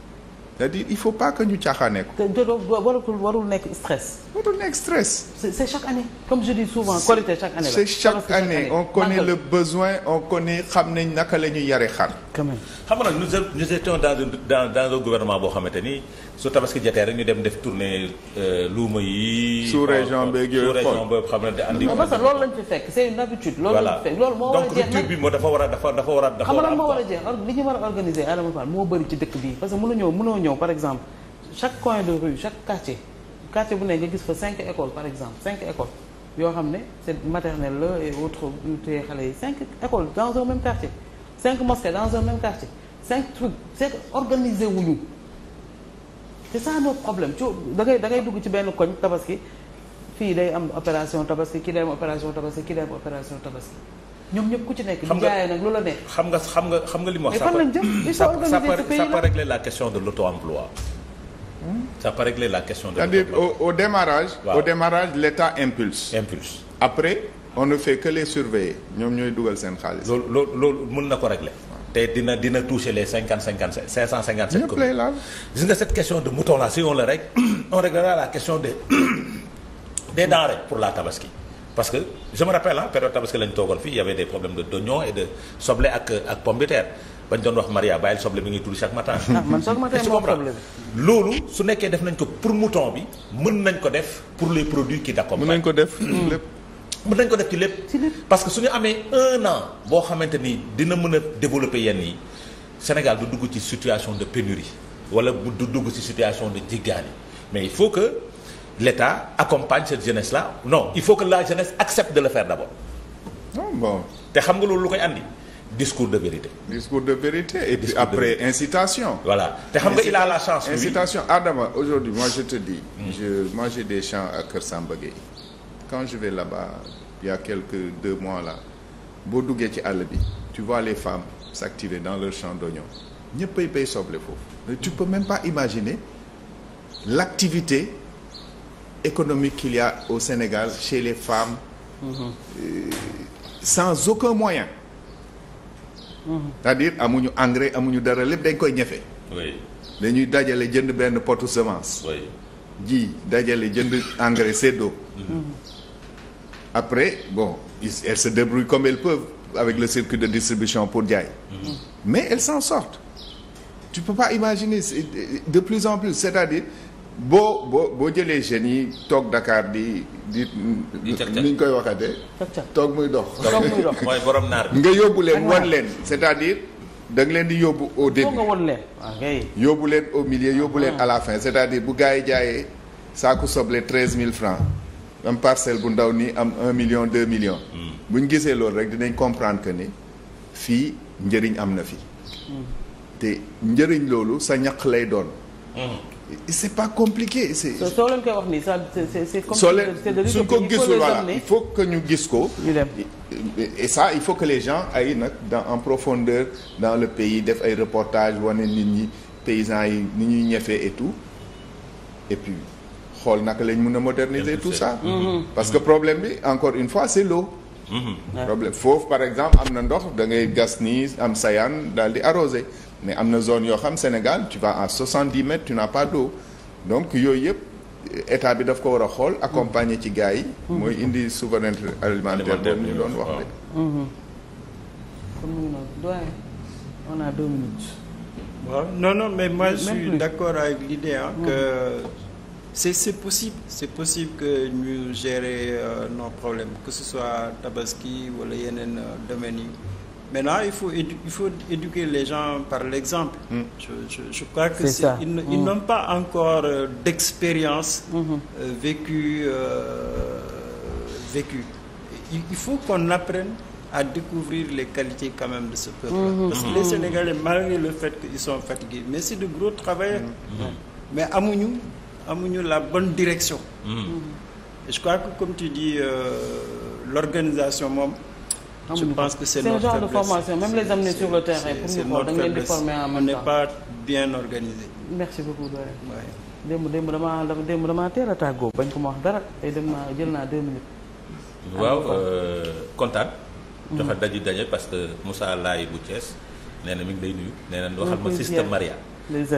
c'est-à-dire il faut pas que ñu caaxaanee ko. warul warul nekk stress. warul nekk stress. c'est chaque année comme je dis souvent. Korité chaque année c'est chaque année on connaît le besoin on connaît xam nañ naka la ñuy yare xar. quand même xam nga nag nous nous étions dans dans gouvernement boo xamante ni. su tabaski jotee rek ñu dem def tournée euh, luuma yi. sous région beeg yooyu région boobu xam na da andi. parce que loolu lañ fi fekk c'est une habitude. loolu lañ fi fekk loolu moo war a jeex nag donc rupture bi moo dafa war a dafa a. dafa war a am moo war a jeex li ñu war a organiser Adama Fall moo bëri ci dëkk bi parce que mënoo ñëw mënoo ñëw par exemple chaque coin de rue chaque quartier quartier bu ne nga gis fa cinq écoles par exemple cinq écoles yoo xam ne c'est maternelle la et autres yu téye xale yi cinq écoles dans un même quartier cinq mosquées cinq trucs c'est ça notre problème ci da ngay da ngay dugg ci benn koñ tabaski fii day am opération tabaski kii day am opération tabaski kii day am opération tabaski ñoom ñëpp ku ci nekk. xam nga jaayee nag lu la nekk. xam nga xam nga xam nga li mu wax. mais fan lañ jëm il faut organiser ce la question de l'auto-emploi. Hmm? ça peut la question de. c'est-à-dire au au démarrage. Wow. au démarrage l'État impulse. impulse après on les surveiller ñoom ñooy dugal seen xaalis. loolu loolu mën na ko régler. te dina dina toucher les cinquante cinquante sept cinq cent cinquante sept communes gis nga cette question de mouton là si on le règle on réglera la question des des denrées pour la tabaski parce que je me rappelle ah période tabaski lañ toogoon fii y avait des problèmes de d'oignon et de soble ak ak pomme de terre bañ doon wax Maria bàyyil soble bi ngay tudd chaque matin. Ah, man chaque matin moom problème loolu su nekkee def nañ ko pour mouton bi mën nañ ko def pour les produits qui d'accompagnent. mën nañ ko def hmm. lépp. mën nañ ko def ci lépp. parce que su ñu amee un an boo xamante ni dina mën a développer yenn yi Sénégal du dugg ci situation de pénurie wala du dugg ci situation de jiggaani mais il faut que l'État accompagne cette jeunesse là non il faut que la jeunesse accepte de le faire d'abord. bon te xam nga loolu lu koy andi. discours de vérité. discours de vérité et discours puis après incitation. voilà te xam nga il a la chance. incitation Adama aujourd'hui moi je te dis. Mm. je des champs à Kër Samba Gueye quand je vais là-bas il y a quelques deux mois là boo duggee ci àll bi tu vois les femmes s'activer dans leur champ d'oignon ñëpp ay bay soble foofu tu peux même pas imaginer l'activité économique qu'il y au Sénégal chez les femmes mm -hmm. euh, sans aucun moyen mm dire amuñu engrais amuñu dara lépp dañ koy ñefe dañuy dajale jënd benn potu semence ji dajale jënd engrais seddoo après bon ils, elles se débrouillent comme elles peuvent avec le circuit de distribution pour jaay mmh. mais elles s'en sortent tu peux pas de plus en plus c'est-à-dire boo boo boo jëlee jeunes yi toog Dakar di di. di ni ñu koy waxatee. toog muy dox. toog muy dox mooy borom naar nga yóbbu leen wan leen. c'est-à-dire da leen di yóbbu au début. nga wan leen. Ah, yóbbu leen au milieu yóbbu leen ah. à la fin c'est-à-dire bu gars yi jaayee saako soble treize mille francs am parcelle bu ndaw nii am un million deux millions. Hmm. bu ñu gisee loolu rek dinañ comprendre que ni fii njëriñ am na fi. Hmm. te njëriñ loolu sa ñaq lay doon. Hmm. c' est pas compliqué c' est. koy wax nii ça c' ko gisul voilà il faut que ñu gis ko. ñu dem et ça il faut que les gens aillent nag dans en profondeur dans le pays def ay reportages wane nit ñi paysans yi ni ñuy ñefee et tout et puis. xool naka lañ mën a moderniser tout ça mhm. Mhm. parce que problème bi encore une fois c'est l'eau mhm. problème foofu par exemple am na ndox dangay ngay gas nii am sayaan daal di arrosé mais am na zone yoo xam Sénégal tu vas à 70 mètres tu n'as pas d'eau donc yooyu yëpp état bi daf ko war a xool accompagner ci gars yi mooy indi souveraineté alimentaire boobu ñu doon wax de a deux mais moi je d'accord avec l'idée que c'est c'est possible c'est possible que ñu gérer euh, nos problèmes que ce soit tabaski wala yeneen euh, domaines yi maintenant il faut il faut éduquer les gens par l'exemple mm. je, crois que c'est ils, mm. ils n'ont pas encore euh, d'expérience mm -hmm. euh, vécue euh, vécue il, faut qu'on apprenne à découvrir les qualités quand même de ce peuple mm-hmm. parce que mm-hmm. les Sénégalais malgré le fait qu'ils sont fatigués mais c'est de gros travailleurs mm-hmm. mais amuñu amuñu la bonne direction. Hmm. je crois que comme tu dis euh, l'organisation moom. je pense que c'est notre faiblesse. genre de formation même les amener sur le terrain. pour ñu xool da ngeen di former en même temps on n'est pas bien organisé. merci beaucoup Dore. waay démb démb damaa démb damaa teel a tàggoo bañ ko ma wax dara tey dem naa jël naa deux minutes. waaw euh, kontaan. dafa hmm. daju daje parce que Moussa Laye bu Thiès nee na mi ngi lay nuyu. nee na waxal ma système Maria.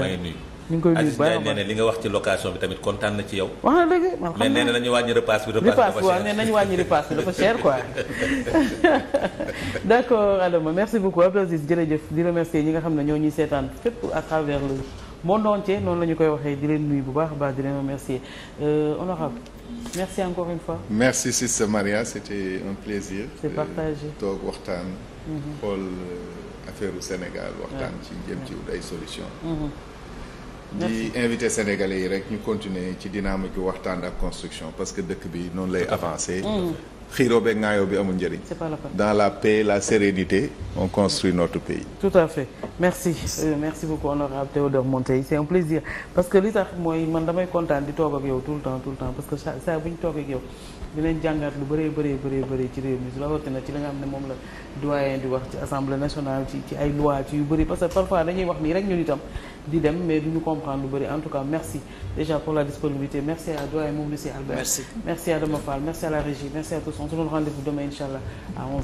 maa nuyu. ñu ngi koy nuyu baax nee na li nga wax ci location bi tamit kontaan na ci yow. waaw léegi man xam naa mais na nañu wàññi repasse bi. repasse dafa cher waaw nee nañu wàññi repasse bi dafa cher quoi. d' accord Adama merci beaucoup Abdoulaziz jërëjëf di remercier ñi nga xam ne ñoo ñuy seetaan fépp à travers le monde entier noonu la ñu koy waxee di leen nuyu bu baax a baax di leen remercier euh, honorable merci encore une fois. merci Sister Maria c' un plaisir. c' est euh, partagé waxtaan. Mhm. xool euh, u Sénégal waxtaan ci ay solution mhm. di invité sénégalais yi rek ñu continuer ci dynamique waxtaan ak construction parce que dëkk bi noonu lay avancer. Mm. xiiroo beeg ngaayoo bi amul njëriñ. dans la paix la sérénité on construit notre pays. tout à fait merci euh, merci beaucoup honorable Théodore Monteil c'est un plaisir parce que li tax mooy man damay kontaan di toog ak yow tout le temps tout le temps parce que saa saa bu ñu toog dinañ jàngat lu bëree bëree bëree bëri ci réew mi rawatina ci li nga xam ne moom la doyen di wax ci assemblée nationale yu bëri parce que parfois dañuy wax nii rek ñun itam. di dem mais du ñu comprendre lu bëri en tout cas merci déjà pour la disponibilité merci à doyen Mamadou Sy Albert. merci merci à Adama Fall merci la régie merci à tous on se donne rendez-vous demain incha allah